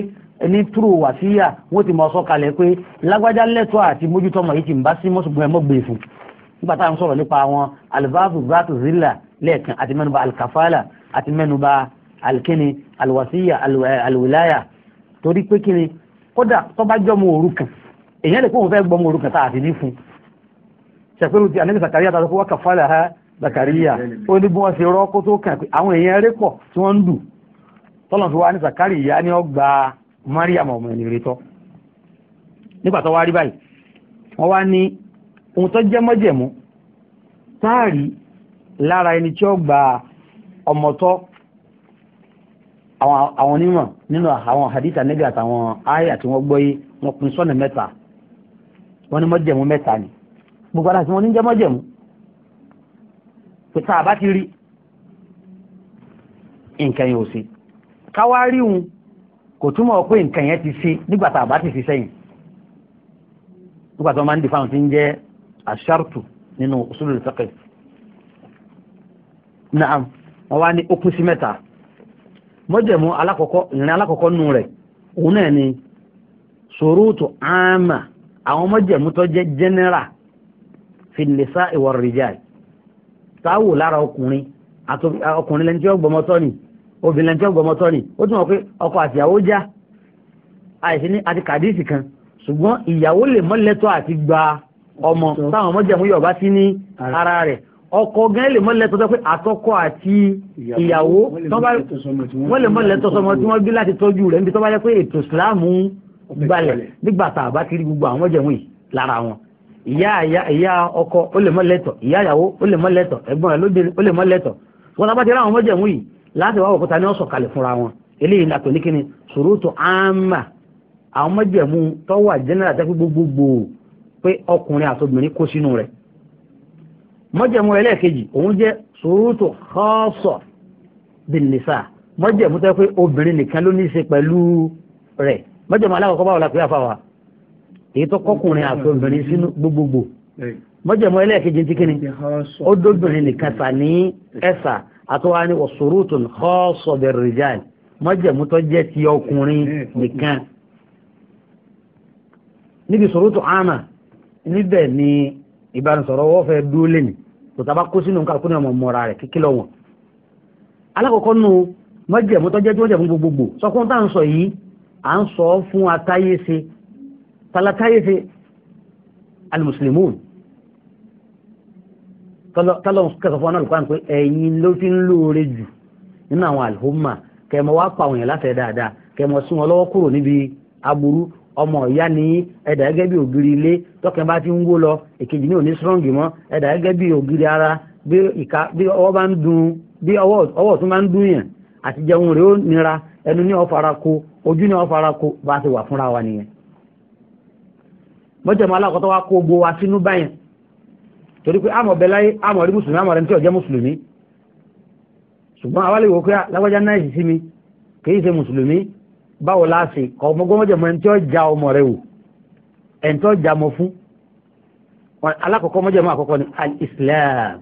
ẹni túrò wà síyà wọ́n ti mọ̀ sọ́kalẹ̀ pé lágbájá lẹ́tọ̀ọ́ àti mójútọ́mọ̀ yìí ti ń bá sí mọ́ ṣùgbọ́n ẹ mọ́ gbé e fún nígbà tá à ń sọ̀rọ̀ nípa àwọn alibaabu zatu zilla àti mẹ́nuba alikafala àti mẹ́nuba alikini alwasiya alwilaya torí pé kí kódà tó bá jọmọ òru kan èyàn lè kó òun fẹ́ gbọ́ ọmọ orúkọ tá a ti ní fún ṣàpérò ti anabi zakariya ta sọ pé wákà fàlà ha zakariya ó ní bí wọ́n ṣe rọ́ kó tó kàn pé àwọn èèyàn eré pọ̀ tí wọ́n ń dù tọ́lọ̀ fi wá ní zakariya ni ó gba mariam ọmọ ẹni retọ́ nígbà tó wá rí báyìí wọ́n wá ní ohun tó jẹ́ mọ́jẹ̀mú táàrí lára ẹni tí ó gba ọmọ àwọn onímọ̀ nínú àwọn hadith anabi àtàwọn aya tí wọ́n gbọ́ yé wọ́n pín sọ́nà mẹ́ta wọ́n ní mọ́jẹ̀mú mẹ́ta ni gbogbo ara sí wọn ní jẹ́ mọ́jẹ̀mú pẹ̀tà àbá ti rí nǹkan yẹn ò sí káwá rí òun kò túmọ̀ pé nǹkan yẹn ti ṣe nígbà tá àbá ti fi sẹ́yìn nígbà tí wọ́n máa ń di fáwọn tí ń jẹ́ àṣàrùtù nínú usulul fiqh naam wọ́n wá ní ó kún sí mẹ́ta mọ́jẹ̀mú alákọ̀ọ́kọ́ ìrìn alákọ̀ọ́kọ́ nù rẹ̀ òun náà ni ṣòrótò àmà àwọn mọ́jẹ̀mú tó jẹ́ general filisa ìwọ rìjáì táwò lára ọkùnrin ọkùnrin lẹ́ni tí ó gbọmọ tọ́ ni obìnrin lẹ́ni tí ó gbọmọ tọ́ ni ó túnmọ̀ pé ọkọ àtìyàwó já àìsí ní àti kàdíìsì kan ṣùgbọ́n ìyàwó lè mọ́lẹ́tọ́ àti gba ọmọ táwọn mọ́jẹ̀mú yọ̀ọ̀bá sí ní ara rẹ̀ ọkọ gan lè mọ́lẹ́tọ́ tó pé àtọkọ àti ìyàwó wọ́n lè mọ́lẹ́tọ́ sọmọ tí wọ́n bí láti tọ́jú rẹ̀ níbi tó bá jẹ́ pé ètò ìsìláàmù balẹ̀ nígbà tá a bá ti rí gbogbo àwọn ọjọ́ ìwọ̀nyí lára wọn ìyá ìyá ọkọ ó lè mọ lẹ́tọ̀ ìyá ìyàwó ó lè mọ lẹ́tọ̀ ẹ̀gbọ́n rẹ̀ lóde ó lè mọ lẹ́tọ̀ wọn tábà ti rí àwọn ọmọ jẹ̀mú yìí láti wá òkúta ní ọ̀sọ̀ kalẹ̀ fúnra wọn eléyìí nàtò ní kíni ṣòrótò àmà àwọn ọmọ jẹ̀mú tọ́wọ́ àjẹnẹ́rà tẹ́ pé gbogbogbò pé ọkùnrin àtobìnrin kó sínú rẹ̀ mọ́jẹ̀mú ẹlẹ́ẹ̀kejì òun jẹ́ mọ́jọ̀mọ́ alákọ̀ọ́kọ́ báwo la pé àfa wa èyí tó kọkùnrin àti obìnrin sínú gbogbogbò mọ́jọ̀mọ́ ẹlẹ́ẹ̀kejì ti kíni ó dóbìnrin nìkan sà ní ẹ̀sà àtọ́wá ní ọ̀ṣọ́rùtùn kọ́ọ̀sọ̀ bẹ̀rẹ̀ rìjáàlì mọ́jọ̀mọ́ tó jẹ́ ti ọkùnrin nìkan níbi ṣòrótù àmà níbẹ̀ ni ìbánisọ̀rọ̀ wọ́n fẹ́ dúró lẹ́nu kò tá kó sínú nǹkan kó ní ọmọ mọ́ra rẹ̀ kíkí lọ́wọ́ alákọ̀ọ́kọ́ tí wọ́n jẹ̀ gbogbogbò sọkún tá ń sọ yìí à ń sọ fún atáyése talatáyése alimuslimun tọ́lọ́ kẹsàn fún anáàlùkọ́ àti pé ẹ̀yin ló ti ń lóore jù nínú àwọn àlùfóòmà kẹmọ wá pa àwọn èèyàn dáadáa kẹmọ sún wọn lọ́wọ́ kúrò níbi aburú ọmọ ìyá ni ẹ̀dà gẹ́gẹ́ bí ògiri ilé tọ́kẹ́ bá ti lọ èkejì ní òní ẹnu ní ọ̀farako ojú ní ọ̀farako bá a ti wà fúnra wa nìyẹn mọ́jọ̀mọ́ alákọ̀ọ́tọ́ wa kó gbogbo wa sínú báyẹn torí pé àmọ̀ bẹ láyé àmọ̀ rí mùsùlùmí àmọ̀ rẹ̀ ní tí ọ̀jẹ́ mùsùlùmí ṣùgbọ́n àwa lè wò pé lágbájá náà sì sí mi kìí ṣe mùsùlùmí báwo la ṣe kọ́ ọmọgbọ́mọjọ̀mọ́ ẹni tí ó ja ọmọ rẹ̀ wò ẹni tí ó ja ọmọ fún alákọ̀ọ́kọ́ mọ́jọ̀mọ́ àkọ́kọ́ ni al-Islam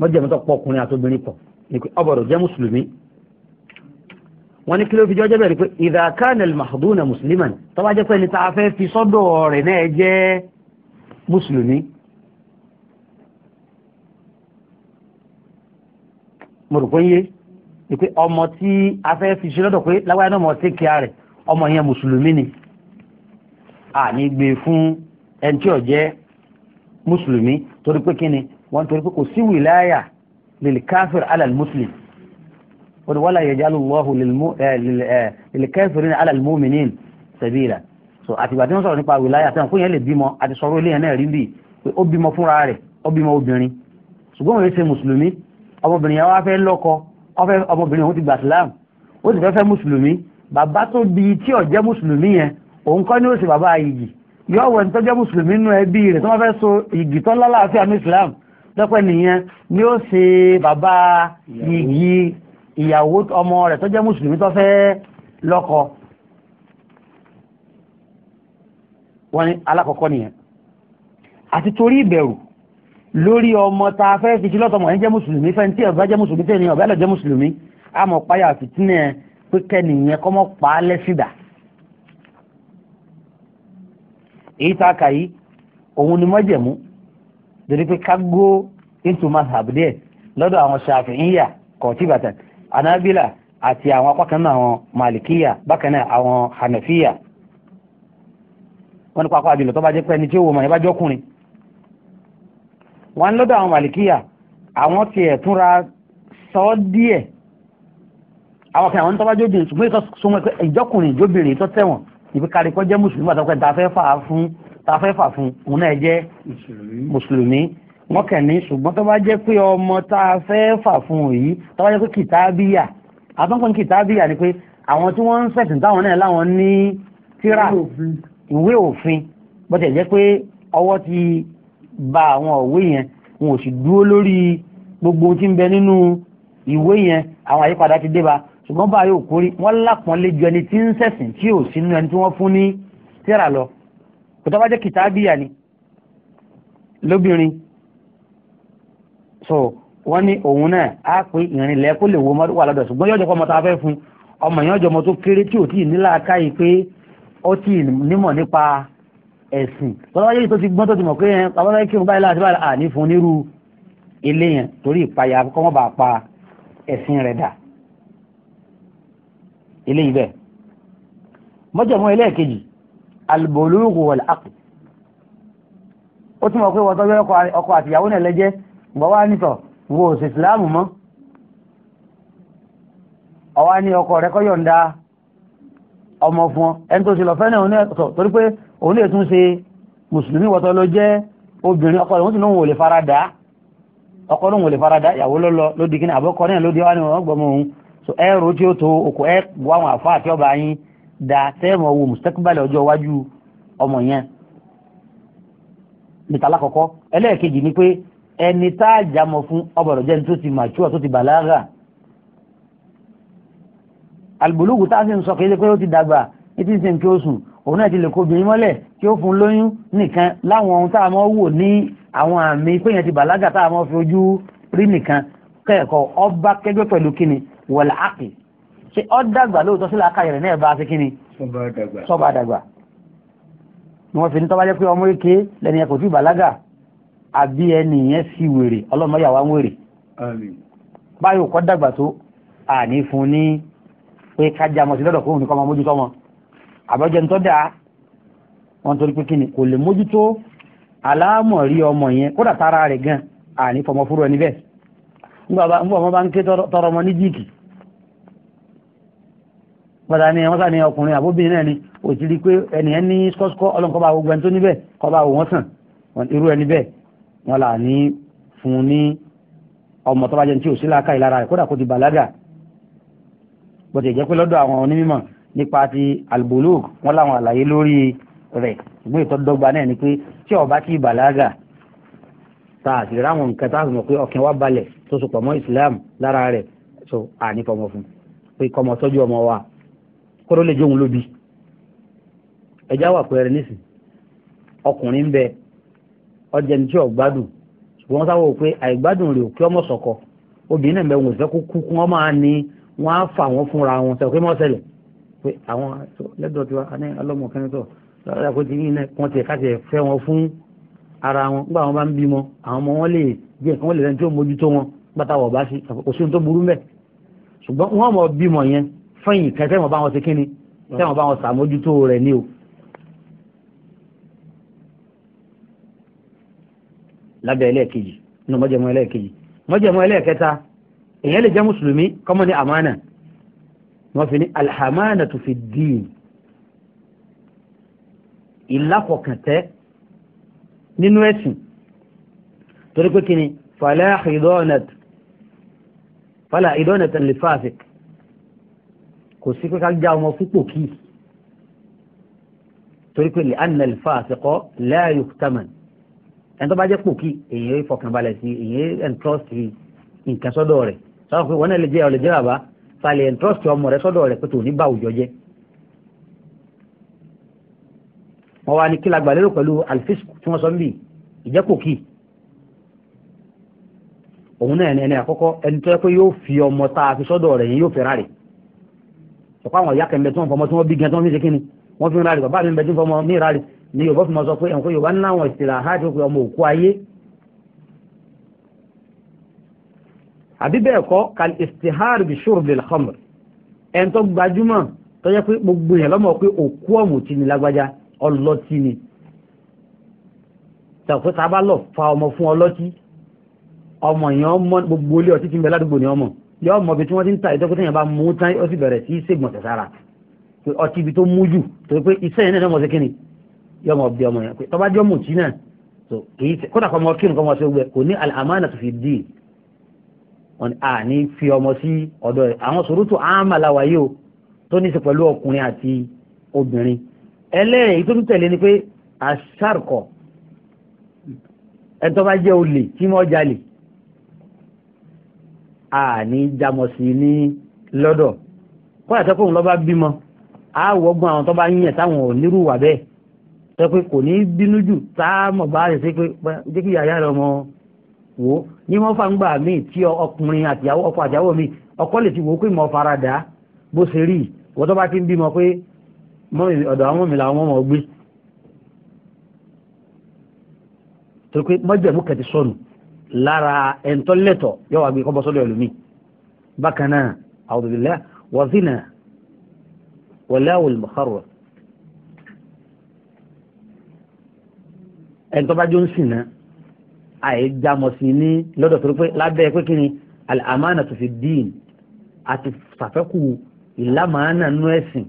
mọ́jọ̀mọ́ tó pọ̀ ọkùnrin àtobìnrin pọ̀ ni pé ọbọ̀rọ̀ jẹ́ mùsùlùmí wọ́n ní kí ló fi jọ́ jẹ́ bẹ́ẹ̀ ni pé idha kana al-mahduna musliman tó bá jẹ́ pé ní tá a fẹ́ fi sọ́dọ̀ rẹ̀ náà jẹ́ mùsùlùmí. mo rò pé yé ni pé ọmọ tí a fẹ́ fi ṣe pé lágbáyé náà mọ̀ sí kíá rẹ̀ ọmọ yẹn mùsùlùmí ni a ní gbé e fún ẹni tí ò jẹ́ mùsùlùmí torí pé kí ni wọ́n torí pé kò sí Si للكافر على المسلم ولا يجعل الله للمو... للكافرين على المؤمنين سبيلا so àtìgbà tí wọ́n sọ̀rọ̀ nípa wìláyà tán fún yẹn lè bímọ àti sọ̀rọ̀ ilé yẹn náà rí bí pé ó bímọ fúnra rẹ̀ ó bímọ obìnrin ṣùgbọ́n òun ṣe mùsùlùmí ọmọbìnrin yẹn wá fẹ́ lọ́kọ ọmọbìnrin òun ti gbà sílámù ó sì fẹ́ fẹ́ mùsùlùmí bàbá tó bí tí ò jẹ́ mùsùlùmí yẹn òun kọ́ ni ó sì bàbá yìí yọ̀wẹ̀ tó jẹ́ mùsùlùmí nínú ẹbí rẹ̀ tó wọ́n fẹ́ so ìgì tó lálàáfíà ní ìsìlámù tọ́pẹ́ nìyẹn ni ó ṣe bàbá yìí ìyàwó ọmọ rẹ̀ tó jẹ́ mùsùlùmí tó fẹ́ lọ́kọ wọ́n ní alákọ̀ọ́kọ́ nìyẹn àti torí ìbẹ̀rù lórí ọmọ tá a fẹ́ fi sílọ́tọ̀mọ̀ ẹni jẹ́ mùsùlùmí fẹ́ tí ọ̀bá jẹ́ mùsùlùmí tẹ́ni ọ̀bá ẹlọ́jẹ́ mùsùlùmí àmọ́ páyà fìtínà pé kẹ́nìyẹn kọ́mọ́ pa á lẹ́sìdà èyí tá a òun ni mọ́jẹ̀mú torí pé ká go into mazhab díẹ̀ lọ́dọ̀ àwọn ṣàfihìyà kọ̀tíbàtà anábìlà àti àwọn apákan náà àwọn malikiya bákan náà àwọn hanafiya wọ́n ní pápá àjùlọ tó bá jẹ́ pé ẹni tí ó wò mọ̀ ní bá jọ́kùnrin wọ́n lọ́dọ̀ àwọn malikiya àwọn ti ẹ̀túnra sọ díẹ̀ àwọn kan àwọn tó bá jóbìnrin ṣùgbọ́n ìtọ́ ìjọkùnrin ìjóbìnrin tó tẹ̀wọ̀n ìfikàrí kọjá mùsùlùmí àtàkùn ẹ̀ta fẹ́ fà á fún tafẹ́ fà òun náà jẹ́ mùsùlùmí wọ́n kàn ní ṣùgbọ́n tó bá jẹ́ pé ọmọ tá a fẹ́ fà yìí tó bá jẹ́ pé kìtàbíyà àtọ́kùn kìtàbíyà ni pé àwọn tí wọ́n ń sẹ̀sìn táwọn náà láwọn ní tíra ìwé òfin bó jẹ́ pé ọwọ́ ti ba àwọn òwe yẹn wọn ò sì dúró lórí gbogbo tí ń bẹ nínú ìwé yẹn àwọn àyípadà ti dé ba ṣùgbọ́n báyìí kórí wọ́n lápọ̀nlé ju ẹni tí ń sẹ̀sìn tí ò sí ẹni tí wọ́n fún ní tíra lọ kò tó bá jẹ́ kìtàbíyà ni lóbìnrin so wọ́n ní òun náà á pé ìrìnlẹ̀ kó lè wo ọmọ wà lọ́dọ̀ ṣùgbọ́n yọjọ́ ọmọ tó a fẹ́ fún ọmọ yẹn ọjọ́ ọmọ tó kéré tí ò tí ì nílà káyìí pé ó tí ì nímọ̀ nípa ẹ̀sìn tọ́lá yẹ́yìn tó ti gbọ́n tó ti mọ̀ pé yẹn babalá kí n báyìí láti báyìí àní fún onírú ilé yẹn torí ìpayà kọ́mọ́ bá pa ẹ̀sìn rẹ̀ dà ilé yìí bẹ́ẹ̀ mọ́jọ̀mọ́ ẹlẹ́ẹ̀kejì albolúhù wọ̀lá àpò ó túnmọ̀ pé wọ́n tọ́jọ́ ọkọ àtìyàwó náà lẹ́jẹ́ gbọ́ wá nìtọ̀ wo òsì ìsìláàmù mọ́ ọwá ní ọkọ rẹ kọ́ yọ̀ǹda ọmọ fún ọ ẹni tó ṣe lọ fẹ́ràn òun náà sọ torí pé òun lè tún ṣe mùsùlùmí wọ́tọ́ ló jẹ́ obìnrin ọkọ rẹ̀ wọ́n sì lóun ò lè fara dà ọkọ lóun ò lè fara dà ìyàwó ló lọ lódì kíni àbọ̀kọ náà lódì wá ní wọn gbọmọ òun ẹrù tí ó to òkú ẹ bu àwọn àfa àti ọba yín dà tẹ́ẹ̀mọ̀ wo mùsítẹ́kùbálẹ̀ ọjọ́ iwájú ọmọ yẹn nìtàlá kọ̀kọ́ ẹlẹ́ẹ̀kejì ni pé ẹni tá a jámọ̀ fún ọbọ̀dọ̀ jẹ́ni tó ti màtúwà tó ti bàlágà àlùbùlùkù tá a sì ń sọ kéde pé ó ti dàgbà ní ti ń sìn kí ó sùn òun náà ti lè kó obìnrin mọ́lẹ̀ tí ó fún lóyún nìkan láwọn ohun tá a mọ̀ wò ní àwọn àmì péyàn ti bàlágà tá a mọ̀ fi ojú rí nìkan kẹ́ẹ̀kọ́ ọba kẹjọ pẹ̀lú kíni wọ̀lá ṣe ọ́ dàgbà lóòótọ́ sí làákàyè rẹ̀ náà bá ṣe kíni sọ́ba dàgbà ni wọ́n fi ní tọ́ba jẹ́ pé ọmọ èké lẹ́ni ẹ̀kọ́ tí ìbàlágà àbí ẹni yẹn sì wèrè ọlọ́mọ yàwá ń wèrè báyìí kọ́ dàgbà tó àní fún ní pé kájà mọ̀ sí lọ́dọ̀ kóhùn nìkan máa mójútó wọn àbọ̀jẹ̀ ń tọ́ da wọn torí pé kíni kò lè mójútó aláàmọ̀rí ọmọ yẹn kódà tara rẹ̀ gan àní fọmọ fúru ẹni bẹ́ẹ̀ ń ọmọ bá ń ké tọrọ ọmọ ní jíìkì gbọ́dá ni wọ́n sá ní ọkùnrin àbóbìnrin náà ni ò ti rí pé ẹnìyẹn ní skọ́skọ́ ọlọ́nkọ́ba gbogbo ẹni tó níbẹ̀ kọ́ba wò wọ́n sàn irú ẹni bẹ́ẹ̀ wọ́n là ní fún un ní ọmọ tó bá jẹun tí ò sí láàka ìlara rẹ̀ kódà kó ti bàlágà bó ti pé lọ́dọ̀ àwọn onímọ̀ nípa ti albolog wọ́n láwọn àlàyé lórí rẹ̀ ṣùgbọ́n ìtọ́dọ́gba náà ni pé tí ó bá ti bàlágà ta àti ráwọn nǹkan tá a mọ̀ pé ọkàn wa balẹ̀ tó so pọ̀ mọ́ ìsìlámù lára rẹ̀ so àní fọmọ fún pé kọ́mọ tọ́jú ọmọ wa kóró lè jóun lóbi ẹja wà pẹ́ẹ́rẹ́ nísìn ọkùnrin ń bẹ ọjà ní tí ò gbádùn ṣùgbọ́n sáwọ́ wò pé àìgbádùn rè ò kí ọmọ sọ̀kọ obìnrin náà ń bẹ wọn ò fẹ́ kó kú kí wọ́n máa ní wọ́n á fà wọ́n fúnra wọn sọ pé mọ́ sẹlẹ̀ pé àwọn lẹ́dọ̀ tí wọ́n ní ọlọ́mọkẹ́nitọ̀ lọ́dọ̀ kó ti ní iná wọn tiẹ̀ káṣẹ̀ fẹ́ wọn fún ara wọn nígbà wọn bá ń bímọ àwọn ọmọ wọn lè jẹ́ nǹkan wọn lè lẹ́ni tí ó mójútó wọn gbàtà wọ̀ bá sí òṣùn tó burú mẹ́ ṣùgbọ́n wọn mọ̀ bímọ yẹn fẹ́yìn kẹ́ sẹ́wọ̀n bá wọn ṣe kínni sẹ́wọ̀n bá wọn ṣàmójútó rẹ̀ ní o. lábẹ́ ẹlẹ́ẹ̀kejì nínú mọ́jẹ̀mú ẹlẹ́ẹ̀kejì mọ́jẹ̀mú ẹlẹ́ẹ̀kẹta èèyàn lè jẹ́ mùsùlùmí kọ́mọ ní àmánà wọ́n fi ní alhamana tó fi dín ìlàkọ̀kàntẹ́ nínú ẹ̀sìn torí pé kí ni fàlà ìdọ́nàtàn lè fásikì kò sí pé ká já ọmọ fúpò kí torí pé lẹ́yìn alfa àsìkọ́ lẹ́yìn yuktaman ẹni tó bá jẹ́ pò kí èyí fọkànbalẹ̀ sí èyí ẹ̀ńtrọ́sì nǹkan sọ́dọ̀ rẹ̀ sọ́dọ̀ pé wọ́n náà lè jẹ́ ọ̀lẹ́jẹ́ bàbá falẹ̀ ẹ̀ńtrọ́sì ọmọ rẹ̀ sọ́dọ̀ rẹ̀ pé tòun ní bá òjò jẹ́ wọ́n wá ní kí la gbàlérò pẹ̀lú alfisku tí wọ́n sọ ń ìjẹ́ pò kí òun náà ẹni àkọ́kọ́ ẹni tó yẹ ọ̀pọ̀ àwọn ìyá kẹ̀mbẹ̀ tí wọ́n fọmọ tí wọ́n bí gan tí wọ́n fi ṣe kíni wọ́n fi ń rárẹ̀ bàbá mi bẹ̀ tí wọ́n fọmọ ní ìrárẹ̀ ni yorùbá fi mọ sọ pé ẹ̀kọ́ yorùbá ní àwọn ìsìlẹ̀ àhájọ pé ọmọ òkú ayé àbí bẹ́ẹ̀ kọ́ kal istihar bi shurb al khamr ẹn tó gbajúmọ̀ tó yẹ pé gbogbo yẹn lọ́mọ pé òkú ọ̀mùtí ni lágbájá ọlọ́tí ni tàbí tá a bá lọ fa ọmọ fún ọlọ́tí ọmọ yẹn ọmọ gbogbo ilé ọtí ti ń bẹ ládùúgbò ni ọmọ yọ mọ̀ bí tí wọ́n ti ń ta ìtọ́kùtà yẹn bá mú tán ó sì bẹ̀rẹ̀ sí í ṣègbọ̀n tẹ̀sára pé ọtí ibi tó mú jù torí pé iṣẹ́ yẹn náà mọ̀ sí kíni yọ mọ̀ bí ọmọ yẹn pé tọ́ba jọ́ mùtí náà tó kìí ṣe kódà kọ́ mọ kí nǹkan mọ̀ sí gbẹ kò ní al fi d wọn à ní fi ọmọ sí ọ̀dọ̀ rẹ̀ àwọn sòrótò àmàlàwà yìí o tó ní í ṣe pẹ̀lú ọkùnrin àti obìnrin ẹlẹ́yìn tó tún tẹ̀lé ni pé àṣàrkọ̀ ẹ̀ tó bá olè tí mo jalè àní jámọ̀ sí ní lọ́dọ̀ kọ́lá tẹ́ kóun lọ́ba bímọ àwọ̀ gbọ́n àwọn tó bá yíyàn táwọn ò nírú wà bẹ́ẹ̀ tẹ́ pé kò ní bínú jù táàmù bá rẹ̀ sí pé jẹ́ kí yàyà rẹ̀ ọmọ wò ó ní wọ́n fà ń gbà míì tí ọkùnrin àtìyàwó ọkọ àtìyàwó mi ọkọ lè ti wò ó pé mo fara dà á bó ṣe rí ìwọ́n tó bá ti ń bímọ pé ọ̀dọ̀ àwọn mi làwọn ọmọ gbé tó pé mọ́jẹ̀mú kẹ̀ ti sọnù lára ẹ̀ńtọ́lẹ́tọ̀ yóò wá gbé kọ́ bọ́ sọ́dọ̀ ẹlòmíì bákan náà a'udhu billah wa zina wọláwùl mọ̀kárọ̀ ẹ̀ńtọ́bájọ́ ń sìn náà àìjámọ̀ sí ní lọ́dọ̀ torí pé lábẹ́ pé kí ni àmàna tó fi dín àti sàfẹ́kù ìlàmàánà nú ẹ̀sìn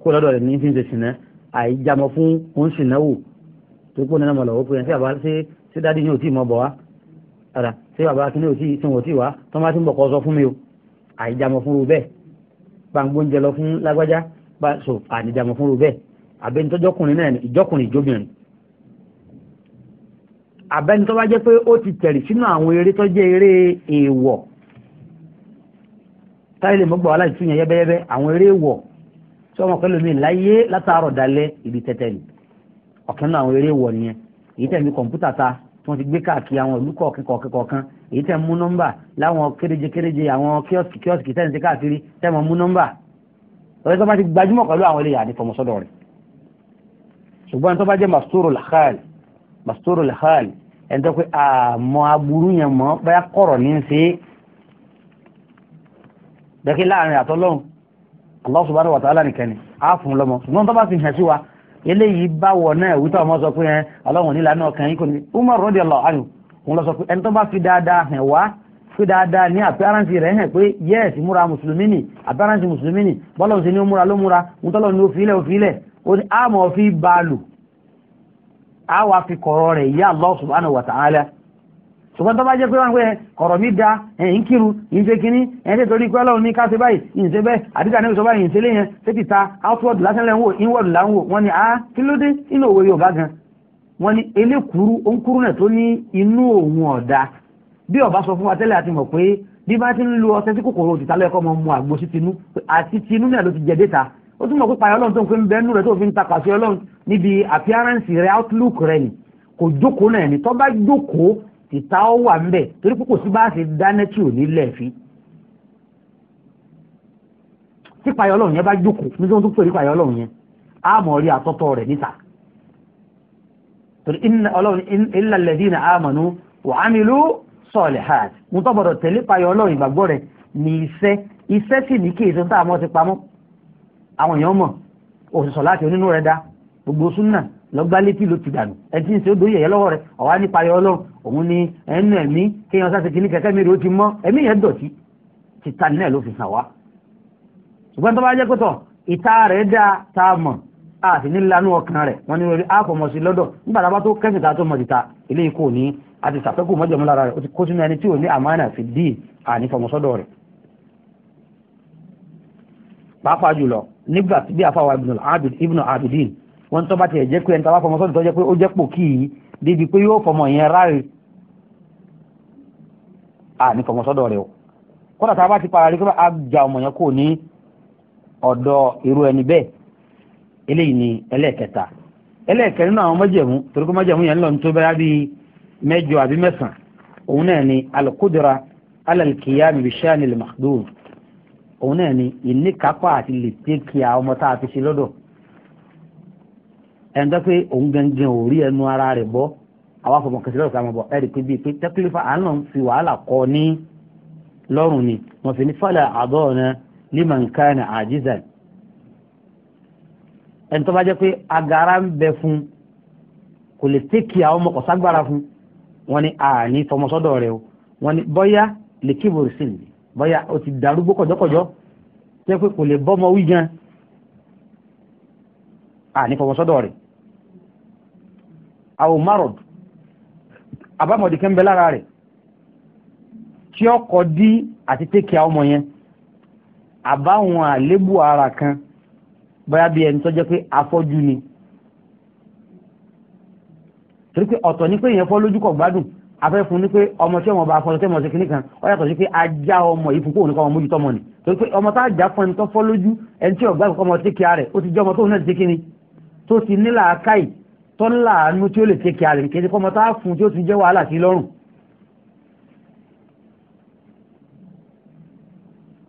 kó lọ́dọ̀ rẹ̀ ní fi ń ṣe sìn náà àìjámọ̀ fún òun sìn náà torí pé ó nana mọ̀ lọ́wọ́ pé ẹ̀ àbá ṣe dáadé ní òtí ìmọ̀ bọ̀ wá padà ṣé bàbá akíní ò tí tí wọn ò tí wá tó máa ti ń bọ̀ kọ́ sọ fún mi o àìjàmọ̀ fún ru bẹ́ẹ̀ gbàngbó ń jẹ lọ fún lágbájá bá so àìjàmọ̀ fún ru bẹ́ẹ̀ àbẹ́ni tọ́jọ́kùnrin náà ìjọkùnrin ìjóbìnrin àbẹ́ni tó bá jẹ́ pé ó ti tẹ̀rì sínú àwọn eré tó jẹ́ eré èèwọ̀ táyìlì mọ́gbà wàhálà ìtúnyẹ̀ yẹ́bẹ́yẹ́bẹ́ àwọn eré èèwọ̀ tí wọ́n pẹ́ lómi láyé látàárọ̀ dalẹ́ ibi tẹ́tẹ́ ni ọ̀kan náà àwọn eré èèwọ̀ nìyẹn èyí tẹ̀mí kọ̀ǹpútà ta tí wọ́n ti gbé káàkiri àwọn ìlú kọ̀ọ̀kan kọ̀ọ̀kan kọ̀ọ̀kan èyí tẹ̀ mú nọ́mbà láwọn kéréje kéréje àwọn kíọ́sìkì kíọ́sìkì tẹ̀ ń ṣe káàkiri tẹ̀ mọ̀ mú nọ́mbà ọ̀rẹ́ tó bá ti gbajúmọ̀ pẹ̀lú àwọn eléyà ní fọmọsọ́dọ̀ rẹ̀ ṣùgbọ́n tó bá jẹ́ masturu lahal masturu lahal ẹni tó pé àmọ́ aburú yẹn mọ́ báyà kọ̀rọ̀ ní ń ṣe dẹ́kẹ́ láàrin àtọ́lọ́hùn Allah subhanahu wa ta'ala nìkan ni á fún lọ́mọ ṣùgbọ́n tó bá ti hàn sí wa eléyìí báwọ̀ náà wítọ́ ọmọ sọ pé ẹ ọlọ́run nílà náà kàn yín kò ní Umar radiyallahu anhu òun lọ sọ pé ẹni tó bá fi dáadáa hàn wá fi dáadáa ní àpẹ́rántì rẹ̀ hàn pé yẹ́ẹ̀s múra mùsùlùmí nì àpẹ́rántì mùsùlùmí nì bọ́lọ̀ ṣe ni ó múra ló múra òun tọ́lọ̀ ni ó fi ó ní àmọ́ fi bá a lò á wàá fi kọ̀rọ̀ rẹ̀ yá Allah subhanahu wa ta'ala ṣùgbọ́n tó bá jẹ́ pé wọ́n pẹ́ ọ̀rọ̀ mi da ẹ̀yìn kírun yìí ṣe kínní ẹ̀yìn tètè orí pé ọlọ́run ní ká ṣe báyìí yìí bẹ́ẹ̀ àdìgbà ní ìṣọ́bà yìí ṣe léyìn ṣé ti ta outward lásán lẹ́ wò inward là ń wò wọ́n ní ah kí ló dé inú òwe yorùbá gan wọ́n ní elékuru òǹkuru náà tó ní inú òun ọ̀dà bí ọba sọ fún wa tẹ́lẹ̀ àti mọ̀ pé bí bá ti ń lo ọṣẹ tí kòkòrò òtítà lẹ́kọ́ mọ mu àgbo sí tinú àti tinú náà ló ti jẹ déta ó túnmọ̀ pé payọ̀ ọlọ́run tó ń pè ń bẹ́ẹ̀ rẹ̀ tó fi ń takà sí ọlọ́run níbi appearance rẹ̀ outlook rẹ̀ ni kò jókòó náà ni tó bá jókòó tìta ọ wà ńbẹ torí pé kò sí bá a ṣe dáná tí ò ní lẹ́ẹ̀fi tí payọ ọlọ́run yẹn bá jókòó nígbà tó pèrè payọ ọlọ́run yẹn á mọ̀ rí àtọ́tọ́ rẹ̀ níta torí ọlọ́run illal ladina amanu wa amilu salihat mo tọ́ gbọ́dọ̀ tẹ̀lé payọ ọlọ́run ìgbàgbọ́ rẹ̀ ní iṣẹ́ iṣẹ́ sì ní kí èso tá a mọ̀ ti pamọ́ àwọn èèyàn mọ̀ òṣìṣọ́ láti onínú rẹ̀ dá gbogbo súnà lọ́gbá létí ló ti dànù ẹtí ń ṣe odò yẹ̀yẹ́ lọ́wọ́ rẹ̀ ọ̀wá nípa ayọ̀ ọlọ́run òun ni ẹnu ẹ̀mí kéèyàn sáṣe kìíní kẹ̀kẹ́ mi rè ó ti mọ́ ẹ̀mí yẹn dọ̀tí ti ta nílẹ̀ ló fi hàn wá. ṣùgbọ́n tó bá jẹ́ pẹ́tọ̀ ìta rẹ̀ dá tá a mọ̀ a sì ní lanú ọkàn rẹ̀ wọ́n ní lórí àpọ̀mọ̀ sí lọ́dọ̀ nígbà tá a bá tó kẹ́sìn tá a tó mọ̀ síta eléyìí kò ní a ti abidin wọn tó bá tiẹ̀ jẹ́ pé ẹni tó bá fọmọ sọ́dún tó jẹ́ pé ó jẹ́ pò kì í débi pé yóò fọmọ yẹn ráre à ní fọmọ sọ́dọ̀ rẹ̀ o kódà tá a bá ti para rí pé a ja ọmọ yẹn kò ní ọ̀dọ̀ irú ẹni bẹ́ẹ̀ eléyìí ni ẹlẹ́ẹ̀kẹta ẹlẹ́ẹ̀kẹrin náà àwọn májẹ̀mú torí pé májẹ̀mú yẹn ń tó bẹ́ẹ̀ bíi mẹ́jọ àbí mẹ́sàn òun náà ni alukudura alalikiyami bishani limakdum òun náà ni ìníkápá àti lè tẹ́kì ẹni tó pé òun gangan ò rí ẹnu ara rẹ̀ bọ́ àwa fọmọ kẹsì lọ́rùn kàmọ́ bọ̀ ẹ rí i pé bíi pé tẹ́kílífà à ń lọ fi wàhálà kọ ní lọ́rùn ni wọ́n fi ní fàlà àdọ́ ọ̀nà limankana àjíṣàn ẹni tó bá jẹ́ pé agara ń bẹ fún kò lè tẹ́kì àwọn ọmọ kọ̀ságbára fún wọn ni àní tọmọsọ́dọ̀ rẹ o wọn ni bọ́yá lè kíbòrò sí ni bọ́yá o ti darúgbó kọjọ́kọjọ́ tẹ́ pé kò lè bọ́ ọmọ wí àní tọmọsọ́dọ̀ rẹ̀ àwọn márùn àbámọ̀dé kan bẹ lára rẹ̀ tí ó kọ dí àti tẹ́kẹ̀ ọmọ yẹn àbáwọn àlébù ara kan bóyá bí ẹni tó jẹ́ pé afọ́jú ni torí pé ọ̀tọ̀ ní pé èèyàn fọ́ lójú kọ̀ gbádùn afẹ́ fún ní pé ọmọ tí ọmọ bá fọ́ tẹ́mọ̀ sí kìnnìkan ó yàtọ̀ sí pé ajá ọmọ yìí fún kóòrùn ọmọ mójútó ọmọ ni torí pé ọmọ tá àjà fún ẹni tó fọ́ lójú ẹni tí ọ̀gbá kọ́ ọmọ tí rẹ̀ ó ti jẹ́ ọmọ tóun náà ti kíni tó ti nílà káì tó láàánú tí ó lè ṣe kí a rè kéde kọ́mọ tá a fún tí ó ti jẹ́ wàhálà sí lọ́rùn.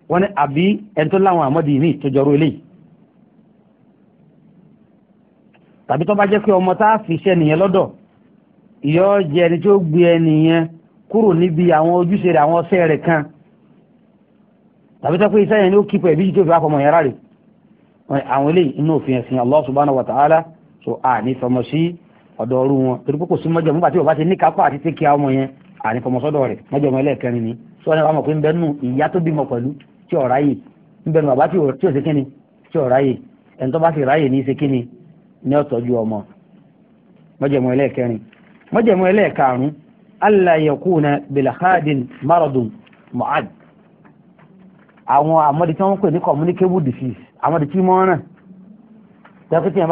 wọ́n ní àbí ẹni tó láwọn àmọ́dì ìmí tó jọrọ eléyìí tàbí tó bá jẹ́ pé ọmọ tá a fi iṣẹ́ nìyẹn lọ́dọ̀ ìyọ́ jẹ́ ẹni tí ó gbé ẹni yẹn kúrò níbi àwọn ojúṣe rẹ̀ àwọn ọṣẹ́ rẹ̀ kan tàbí tó pé iṣẹ́ yẹn ni ó kí pẹ̀ bí jù tó fi wá fọmọ yẹn rárẹ̀ àwọn eléyìí inú òfin ẹ̀sìn Allah subhanahu wa ta'ala so a ní fọmọ sí ọ̀dọ̀ ọrú wọn torí pé kò sí mọ́jọ́ nígbà tí o bá ti ní kápá àti tẹ́kí ọmọ yẹn a ní fọmọ sọ́dọ̀ rẹ̀ mọ́jọ́ ọmọ ẹlẹ́ẹ̀kẹrin ni so ẹni wàá mọ̀ pé ń bẹ nù ìyá tó bímọ pẹ̀lú tí ò ráyè ń bẹ nù bàbá tí ò ṣe kíni tí ò ráyè ẹni tó bá sì ráyè ní ṣe kíni ní ọ̀tọ́jú ọmọ mọ́jọ́ ọmọ ẹlẹ́ẹ̀kẹrin mọ́jọ́ ọmọ ẹlẹ́ẹ̀karùn-ún alla yakuna bilhadin àwọn àmọ́dé tí wọ́n pè ní communicable disease àmọ́dé tí wọ́n ràn dókítà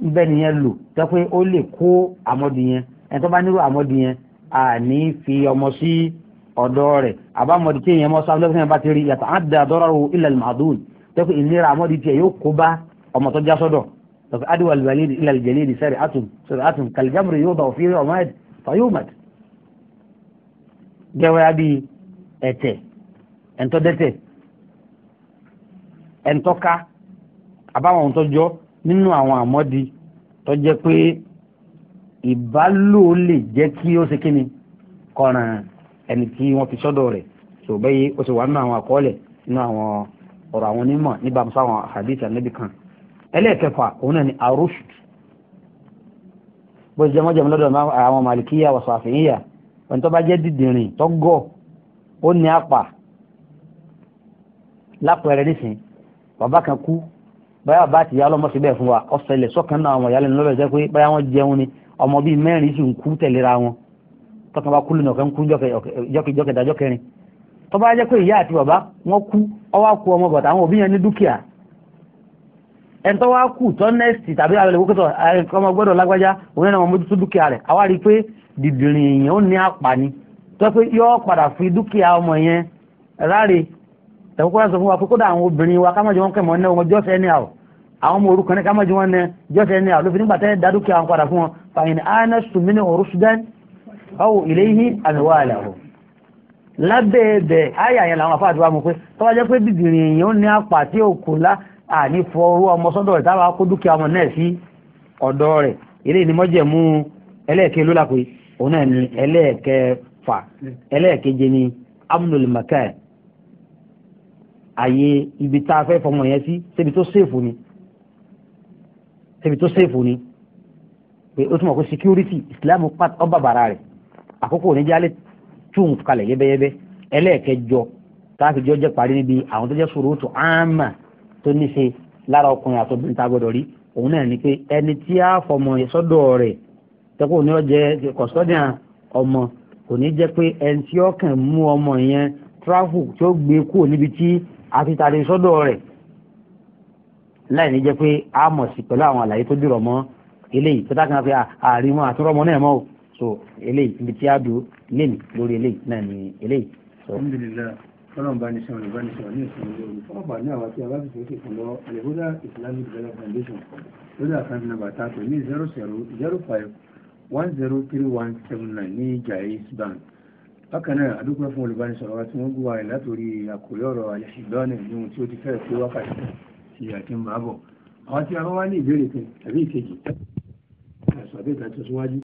bẹ́ẹ̀ni yẹn lò jẹ́ pé ó lè kó àmọ́dù yẹn ẹni tó bá nírú àmọ́dù yẹn àní fi ọmọ sí ọ̀dọ́ rẹ̀ àbámọ́dù tí èèyàn mọ́ sáfẹ́ fún yẹn bá ti rí yàtọ̀ á da dọ́rọ̀ wo ilẹ̀ màdùn jẹ́ pé ìnira àmọ́dù tiẹ̀ yóò kó bá ọmọ tó já sọ́dọ̀ jẹ́ adúwà ilẹ̀ jẹ̀lẹ́dì sẹ́rẹ̀ àtùn sẹ́rẹ̀ àtùn kàlìjámùrì yóò dọ̀ fi ọmọ nínú àwọn àmọ́di tó jẹ́ pé ìbálò lè jẹ́ kí ó ṣe kíni kọ̀ràn ẹni tí wọ́n fi sọ́dọ̀ rẹ̀ tó bẹ́yẹ ó sì wà nínú àwọn àkọọ́lẹ̀ nínú àwọn ọ̀rọ̀ àwọn onímọ̀ níbàámu sáwọn hadith ànábì kan ẹlẹ́ẹ̀kẹfà òun náà ni arushd bó ṣe jẹ́ mọ́jọ́ lọ́dọ̀ àwọn màlìkíyà wa Ṣàfíìyà wọn tó bá jẹ́ dídìrín tó gọ̀ ó ní apà lápẹẹrẹ nísìn bàbá kan kú báyà bá ti yá ọlọ́mọ síbẹ̀ fún wa ọ̀sẹ̀lẹ̀ sọ́kàn náà àwọn ìyálẹ̀ lọ́bẹ̀ jẹ́ pé báyà wọ́n jẹun ni ọmọ bíi mẹ́rin sì ń kú tẹ̀léra wọn tọkàn bá kú lónìí ọ̀kẹ́ ń kú jọ́kẹ́jọ́kẹ́dájọ́ kẹrin tó bá jẹ́ pé ìyá àti bàbá wọ́n kú ọwọ́ kú ọmọ bàtà àwọn òbí yẹn ní dúkìá ẹni tó wá kù tó nẹ́ẹ̀sì tàbí àwọn ìlú kótó ọmọ gbọ́dọ̀ lágbájá òun náà mọ̀ tó tẹ̀wọ́ kọ́ra sọ fún wa pé kódà àwọn obìnrin wa kámọ́jú wọn kẹ̀mọ́ ní wọn jọ́sẹ̀ ní àwọ̀ àwọn ọmọ orúkọ ní kámọ́jú wọn ní jọ́sẹ̀ ní àwọ̀ lófin nígbà tẹ́lẹ̀ dádúkẹ́ àwọn padà fún wọn fàyìn àánà sùnmínú ọ̀rọ̀ sudan ọ̀wọ̀ ilé yìí àmìwá àlàó lábẹ́ ẹ̀bẹ̀ àyà yẹn làwọn afáàdúrà mú pé tó bá jẹ́ pé bìbìrìn èèyàn ní apà tí ni mọ́jẹ̀mú ẹlẹ́ẹ̀kẹ́ ló lápè òun náà àyè ibi tá a fẹ́ fọmọ yẹn sí ṣébi tó ṣèfù ni ṣébi tó ṣèfù ni pé ó túmọ̀ pé security islam ọba bàrà rẹ̀ àkókò oníjàlẹ̀ tún kalẹ̀ yẹ́bẹ́yẹ́bẹ́ ẹlẹ́ẹ̀kẹjọ táàfìjọ jẹ́ parí níbi àwọn tó jẹ́ sùúrùtù àmà tó ní ṣe lára ọkùnrin àtọ́bìnrin tá a gbọ́dọ̀ rí òun náà ni pé ẹni tí a fọmọ yẹn sọ́dọ̀ rẹ̀ tẹ́kọ̀ ní ọjẹ́ custodian ọmọ kò ní jẹ́ pé ẹni tí ọkàn mú ọmọ yẹn travel tí gbé kúrò níbi tí àti tàdé sọ́dọ̀ rẹ̀ láì ní jẹ́ pé a mọ̀ sí pẹ̀lú àwọn àlàyé tó dìrọ̀ mọ́ eléyìí tó dákan fi àárín mọ́ àtúrọ̀ mọ́ náà mọ́ o so eléyìí ibi tí a dùn lémi lórí eléyìí náà ni eléyìí. alhamdulilayi fọlọ́n bá ní sọ̀rọ̀ bá ní sọ̀rọ̀ ní ìsọ̀rọ̀ lórí fọlọ́n bá ní àwọn àti abáfi tó ti kàn lọ alihuda islamic development foundation lórí àkáǹtì nàbà tààtò ní zero zero zero five one zero three one seven nine ní jaiz bank bákan náà àdúgbò fún olùbánisọ̀rọ̀ wa tí wọ́n gbọ́ ààrẹ látòrí àkórí ọ̀rọ̀ àyẹ̀sìgbọ́nì ní ohun tí ó ti fẹ́ tó wákàtí ti àti ń bá bọ̀ àwọn tí a bá wá ní ìbéèrè kan tàbí ìkejì ẹ̀sọ́ àbẹ́ta tó síwájú